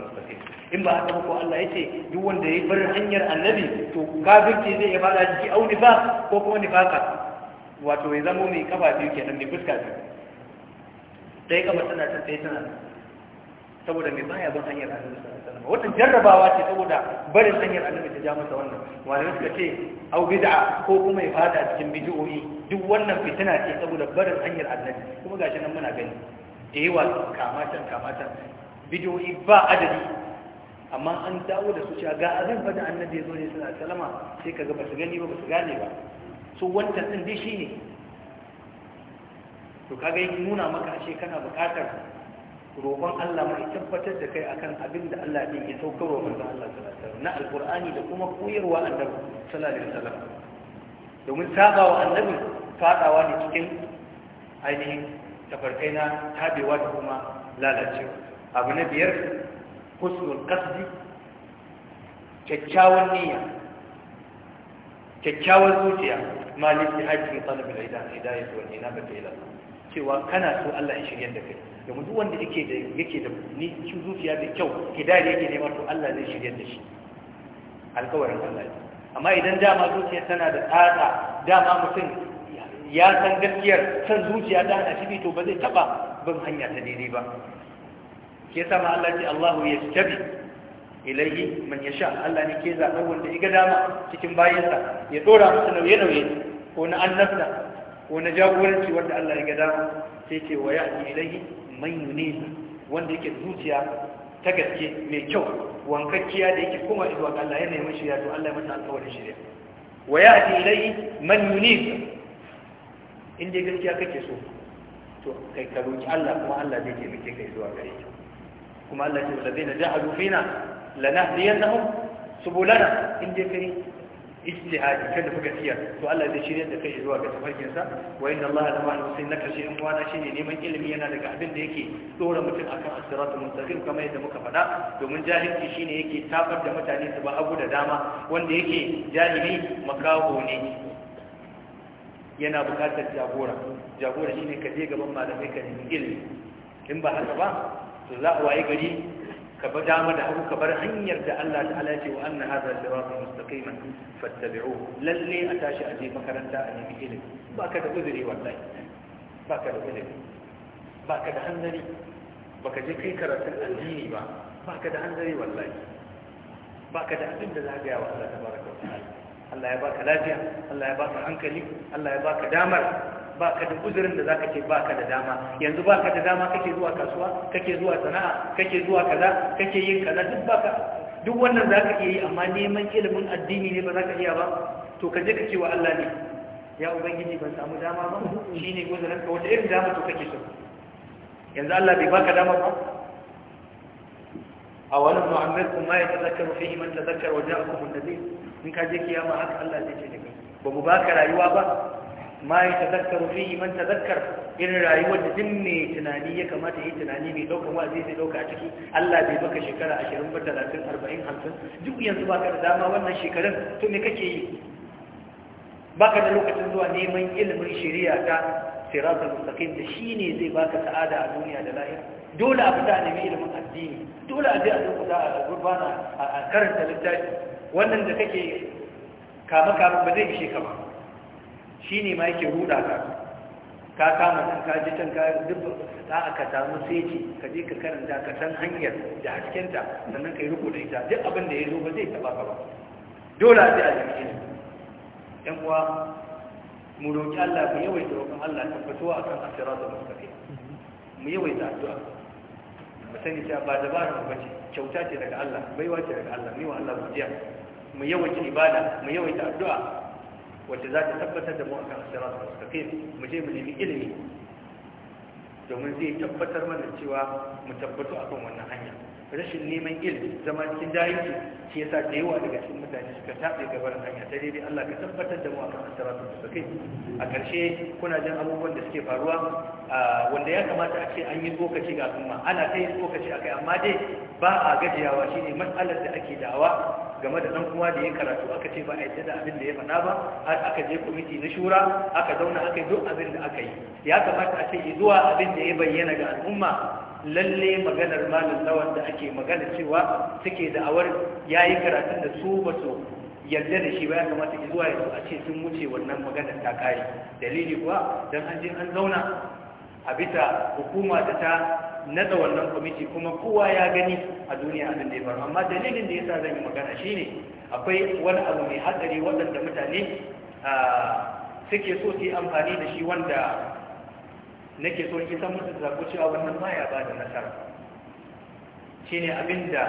in ba haka ko Allah ce duk wanda ya bar hanyar annabi to kafirci zai ya da jiki auni ba ko kuma nifaka wato ya zama mai kafa biyu kenan mai fuska biyu ɗaya kamar tana ta sai tana saboda mai baya bin hanyar annabi sallallahu alaihi wasallam jarrabawa ce saboda barin hanyar annabi ta ja masa wannan malamai suka ce au bid'a ko kuma ya fada cikin bid'o'i duk wannan fitina ce saboda barin hanyar annabi kuma gashi nan muna gani da yawa kamatan kamatan bid'o'i ba adadi amma an dawo da su cewa ga abin fa da annabi ya zo ne sallallahu alaihi wasallam sai kaga ba su gani ba ba su gane ba su wancan din dai shine to kaga yake nuna maka ashe kana buƙatar roƙon Allah mai tabbatar da kai akan abin da Allah ya yi saukarwa manzo Allah sallallahu alaihi wasallam na alqur'ani da kuma koyarwa annabi sallallahu alaihi wasallam domin sabawa annabi fadawa ne cikin ainihin tafarkai na tabewa da kuma lalacewa abu na biyar husnul qasdi kyakkyawan niyya kyakkyawan zuciya ma lifi hajji talab al-hidayah hidayah wal inabah ila Allah cewa kana so Allah ya shirye da kai domin duk wanda yake da yake da ni cikin zuciya da kyau hidayar yake nema to Allah zai shirye da shi alkawarin Allah ne amma idan dama zuciya tana da tsatsa dama mutum ya san gaskiyar san zuciya ta ana shibi to ba zai taba bin hanya ta daidai ba ke sama Allah ce Allahu ya ilayhi man yasha Allah ne ke zaɓar wanda ya ga dama cikin bayansa ya dora musu nauye-nauye ko na annabta Wani jagoranci wanda Allah ya gada dama sai ce wa ya'ti ilayhi man yunib wanda yake zuciya ta gaske mai kyau wankakkiya da yake koma zuwa ga Allah ya nemi shirya to Allah ya mata alƙawarin shirya wa ya'ti ilayhi man yunib in dai gaskiya kake so to kai ka roki Allah kuma Allah zai taimake kai zuwa gare ka kuma Allah ya ce wallazina ja'alu fina lanahdiyannahum subulana in dai kai ijtihadi da muka tiya to Allah zai shirya da kai zuwa ga tafarkin sa wa inna Allah la ma'al sai naka shi in kwana shine neman ilimi yana daga abin da yake dora mutum akan as-siratul mustaqim kamar yadda muka faɗa domin jahilci shine yake tabar da mutane su ba abu da dama wanda yake jahili makaho ne yana bukatar jagora jagora shine ka je gaban malamai ka nemi ilimi in ba haka ba to za a waye gari ka ba dama da hagu ka bar hanyar da Allah ta'ala ce wa anna hadha siratun mustaqiman fattabi'u lalle a tashi a je makaranta a nemi ilimi Ba ka da uzuri wallahi ba ka da Ba ka da hanzari ba ka je kai karatun addini ba Ba ka da hanzari wallahi ba ka da abin da zaka yi wa Allah tabaraka wa ta'ala Allah ya baka lafiya Allah ya baka hankali Allah ya baka damar baka da uzurin da zaka ce baka da dama yanzu baka da dama kake zuwa kasuwa kake zuwa sana'a kake zuwa kaza kake yin kaza duk baka duk wannan zaka iya yi amma neman ilimin addini ne ba zaka iya ba to ka je ka ce wa Allah ne ya ubangiji ban samu dama ba shine uzurin ka wata irin dama to kake so yanzu Allah bai baka dama ba a wani mu'ammalkum ma yatazakkaru fihi man tazakkara wa ja'akum an nabi in ka je kiyama haka Allah zai ce da ba mu baka rayuwa ba ma ya tazakkaru fihi man tazakkar irin rayuwar da duk mai tunani ya kamata yi tunani mai daukan wa'azi zai dauka a ciki Allah bai baka shekara ashirin ba talatin arba'in hamsin duk yanzu baka da dama wannan shekarun to me kake yi baka da lokacin zuwa neman ilimin shari'a ta siratul mustaqim da shine zai baka sa'ada a duniya da lahira dole a fita nemi ilimin addini dole a je a duka a gurbana a karanta littafi wannan da kake kama kama ba zai ishe ka shi ne ma yake huda ka ka kama nan ka ji can ka dubba za a ka samu seji ka je ka karanta ka san hanyar da haskenta sannan ka yi riko da ita duk abin da ya zo ba zai taba ka ba dole a a jiki ne yan uwa mu roƙi Allah mu yawaita roƙon Allah tabbatuwa akan asiratul mustaqim mu yawaita addu'a mu sani cewa ba dabarar ba ce kyauta ce daga Allah baiwa ce daga Allah ne wa Allah godiya mu yawaita ibada mu yawaita addu'a wacce za ta tabbatar da mu akan siratul mustaqim mu je mu nemi ilimi domin zai tabbatar mana cewa mu tabbatu akan wannan hanya rashin neman ilimi zama cikin jahilci shi yasa da yawa daga cikin mutane suka tabe gabar hanya ta daidai Allah ka tabbatar da mu akan asaratu da kai a ƙarshe kuna jin abubuwan da suke faruwa wanda ya kamata a ce an yi tsokaci ga kuma ana ta yi tsokaci akai amma dai ba a gajiyawa shine matsalar da ake dawa game da dan kuma da ya karatu aka ce ba a yadda da abin da ya faɗa ba har aka je kwamiti na shura aka zauna aka yi duk abin da aka yi ya kamata a ce zuwa abin da ya bayyana ga al'umma lalle maganar malam lawan da ake magana cewa suke da'awar yayi karatun da su ba su yarda da shi ba ya kamata ki zuwa yanzu a ce sun wuce wannan maganar ta kare dalili kuwa dan an je an zauna a bisa hukuma da ta nada wannan kwamiti kuma kowa ya gani a duniya abin da ya amma dalilin da yasa zan yi magana shine akwai wani abu mai hatsari waɗanda mutane ah, suke so su yi amfani da shi wanda nake so ki san musu zako cewa wannan ma ya bada nasara shine abinda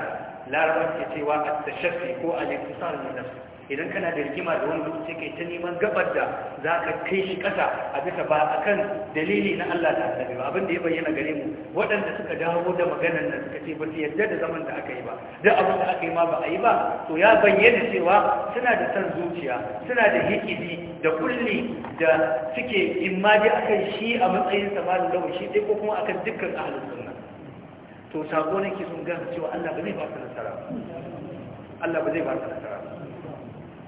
larabar ke cewa at-tashaffi ko al-iktisar min nafsi idan kana da rigima da wani sai kai ta neman gabar da za ka kai shi kasa a bisa ba a kan dalili na Allah ta annabi ba abin da ya bayyana gare mu waɗanda suka dawo da maganar nan suka ce ba su yarda da zaman da aka yi ba da abin da aka yi ma ba a yi ba to ya bayyana cewa suna da san zuciya suna da hikidi da kulli da suke a kan shi a matsayin samarin lawan shi dai ko kuma kan dukkan ahalin sunna to sako nake sun gane cewa Allah ba zai ba su nasara Allah ba zai ba su nasara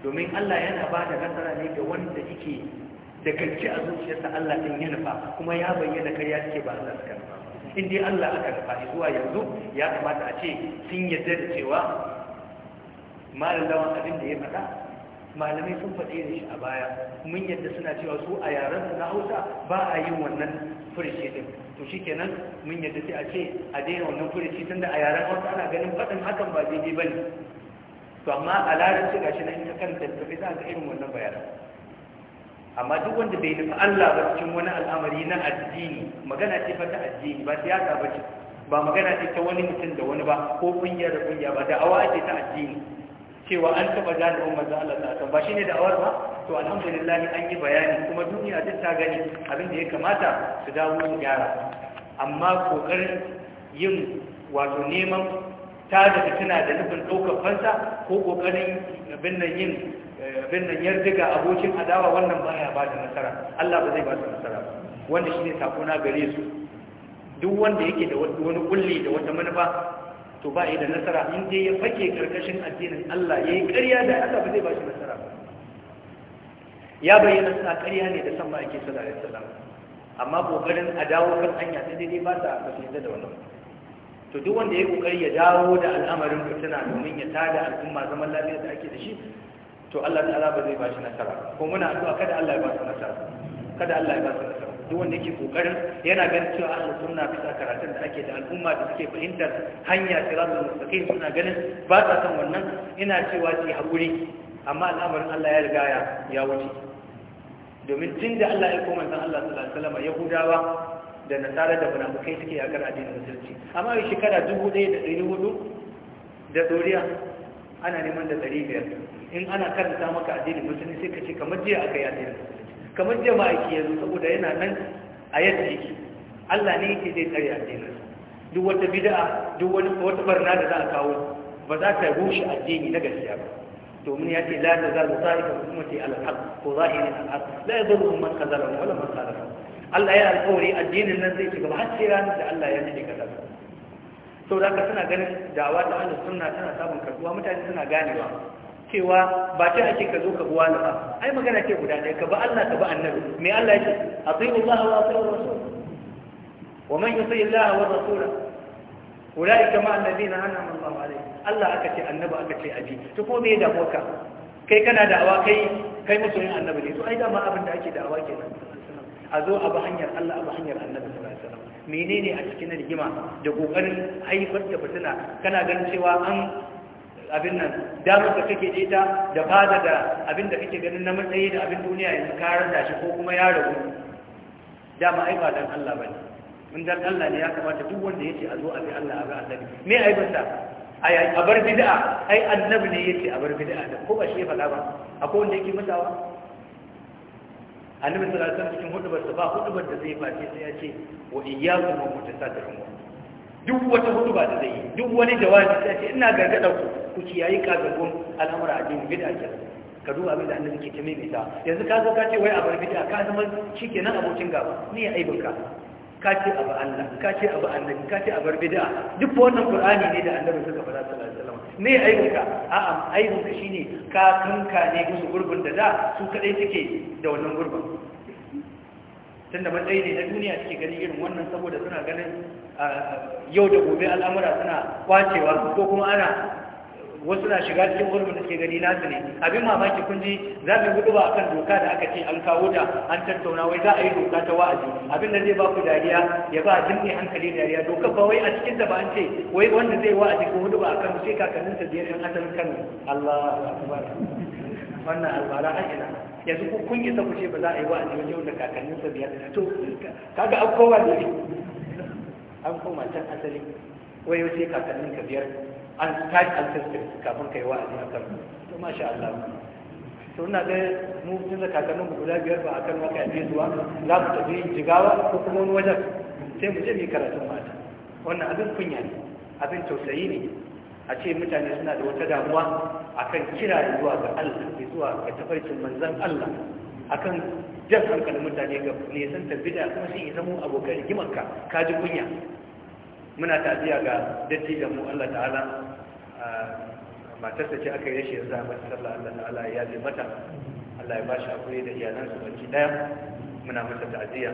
domin Allah yana ba da nasara ne ga wanda yake da kanci a zuciyarsa Allah din ya nufa kuma ya bayyana ya ce ba Allah suka nufa in dai Allah aka nufa zuwa yanzu ya kamata a ce sun yarda da cewa malam lawan abin da ya faɗa malamai sun faɗe da shi a baya mun yadda suna cewa su a yaren na hausa ba a yin wannan furishe din to shi kenan mun yadda sai a ce a daina wannan furishe tunda a yaren hausa ana ganin faɗin hakan ba daidai ba ne to amma a larabci ga shi nan in ka karanta tafi za ka irin wannan bayanan amma duk wanda bai nufi Allah ba cikin wani al'amari na addini magana ce fa ta addini ba siyasa ba ce ba magana ce ta wani mutum da wani ba ko kungiya da kungiya ba da awa ce ta addini cewa an taba jami'in manzo Allah ta san ba shine da'awar ba to alhamdulillah an yi bayani kuma duniya duk ta gani abin da ya kamata su dawo su gyara amma kokarin yin wato neman ta daga tana da nufin ɗaukar fansa ko ƙoƙarin binnan yin abin nan yardiga abokin adawa wannan ba ya ba da nasara Allah ba zai ba da nasara wanda shi ne sakona gare su duk wanda yake da wani kulli da wata manufa to ba yi da nasara in dai ya fake karkashin addinin Allah ya yi ƙarya da Allah ba zai ba shi nasara ya bayyana sa ƙarya ne da san ba ake sallallahu alaihi wasallam amma kokarin a dawo kan hanya sai dai ba ta ba da wannan to duk wanda ya kokari ya dawo da al'amarin fitina domin ya tada al'umma zaman lafiya da ake da shi to Allah ta'ala ba zai ba shi nasara ko muna addu'a kada Allah ya ba su nasara kada Allah ya ba su nasara duk wanda yake kokarin yana ganin cewa Allah sunna fi karatun da ake da al'umma da suke fahimtar hanya siratul mustaqim suna ganin ba sa san wannan ina cewa ki hakuri amma al'amarin Allah ya riga ya wuce domin tun da Allah ya koma san Allah sallallahu alaihi wasallam Yahudawa da nasara da munafukai suke a kan addinin musulunci amma a shekara dubu ɗaya da hudu da doriya ana neman da dari biyar in ana karanta maka addinin musulunci sai ka ce kamar jiya aka yi addinin musulunci kamar jiya aiki yanzu saboda yana nan a yadda yake Allah ne yake zai tsare addinin duk wata bid'a duk wani wata barna da za a kawo ba za ta rushe addini na gaskiya ba domin ya ce la tazalu ta'ika ummati al alhaq ko zahirin al-haq la mu man khazalahum wala man khalafahum Allah ya alƙawari addinin nan zai ci gaba har sai ranar da Allah ya nade kaza Sau da aka suna ganin dawa ta ahlus suna tana samun kasuwa, mutane suna ganewa cewa ba ta ake ka zo ka buwa ba ai magana ce guda ɗaya ka ba Allah ka ba annabi me Allah ya ce? yake atiyu Allah wa atiyu rasul wa man yuti Allah wa rasul ulai kama annabina anama Allah alaihi Allah aka ce annabi aka ce abi to ko me da boka kai kana da awa kai kai musulmin annabi ne to ai dama abin da ake da awa kenan a zo a hanyar Allah a hanyar annabi sallallahu alaihi menene a cikin rigima da kokarin haifar da fitina kana ganin cewa an abin nan damar da kake ita da fada da abin da kake ganin na matsayi da abin duniya yanzu ka rasa shi ko kuma ya rabu dama ai ba dan Allah bane in dan Allah ne ya kamata duk wanda yace a zo a bi Allah a ga annabi me ai bata a bar bid'a ai annabi ne yace a bar bid'a da ko ba shi ya faɗa ba akwai wanda yake masawa? annabi sallallahu alaihi wasallam cikin hudubar sa ba hudubar da zai face sai ya ce wa iyyakum wa mutasaddir umur duk wata huduba da zai yi duk wani jawabi sai ya ce ina gargada ku ku kiyayi kazagun al'amura addini bid'a ce ka duba abin da annabi ke ta maimaita yanzu ka zo ka ce wai a bar bid'a ka zama shikenan abokin gaba ne ya aibinka ka ce abu Allah ka ce abu annabi ka ce abar bid'a duk wannan qur'ani ne da annabi suka fara sallallahu alaihi wasallam ne aikinka a'a aikinka shine ka kanka ne musu gurbin da da su kadai suke da wannan gurbin tunda matsayi ne na duniya suke gani irin wannan saboda suna ganin yau da gobe al'amura suna kwacewa ko kuma ana wasu na shiga cikin gurbin da ke gani nasu ne abin mamaki kun ji za mu gudu ba akan doka da aka ce an kawo ta an tattauna wai za a yi doka ta wa'azi abin da zai ba ku dariya ya ba jin ne hankali dariya doka ba wai a cikin da ba an ce wai wanda zai wa'azi ko hudu ba akan sai kakannin sa biyar yan asalin Kano allah akbar wannan albara a ina yanzu ku kun yi ku ce ba za a yi wa'azi wajen da kakannin sa biyar to kaga an koma ni? an koma can asali wai sai kakannin ka biyar an tashi an tattare kafin kai wa'azi a kan to sha Allah to ina ga mu tun da kakannin mu guda biyar ba a kan waka yaje zuwa za mu tafi jigawa ko kuma wani wajen sai mu je mu yi karatun mata wannan abin kunya ne abin tausayi ne a ce mutane suna da wata damuwa akan kira zuwa ga Allah zuwa ga tafarkin manzon Allah akan jan hankalin mutane ga nisan tabbida kuma shi zama abokan rigimarka ka ji kunya muna tafiya ga dattijan mu Allah ta'ala matarsa ce aka yi shi yanzu a mata sallah Allah ta'ala ya ji mata Allah ya bashi akwai da iyalansa baki daya muna masa ta'aziyya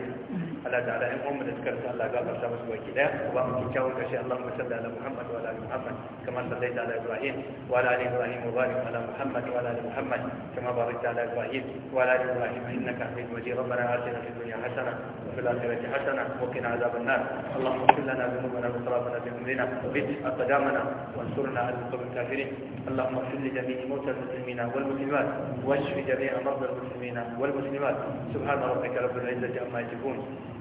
Allah ta'ala ɗan uwanmu da suka rasa Allah gafarta musu baki daya ba mu kyakkyawan kashi Allahumma salli ala Muhammad wa ala ali Muhammad kama sallaita ala Ibrahim wa ala ali Ibrahim wa barik ala Muhammad wa ala ali Muhammad kama barakta ala Ibrahim wa ala ali Ibrahim innaka Hamidum Majid ربنا آتنا في الدنيا حسنة وفي الآخرة حسنة وقنا عذاب النار اللهم اغفر لنا ذنوبنا وإسرافنا في أمرنا وبئس أقدامنا وانصرنا على القوم الكافرين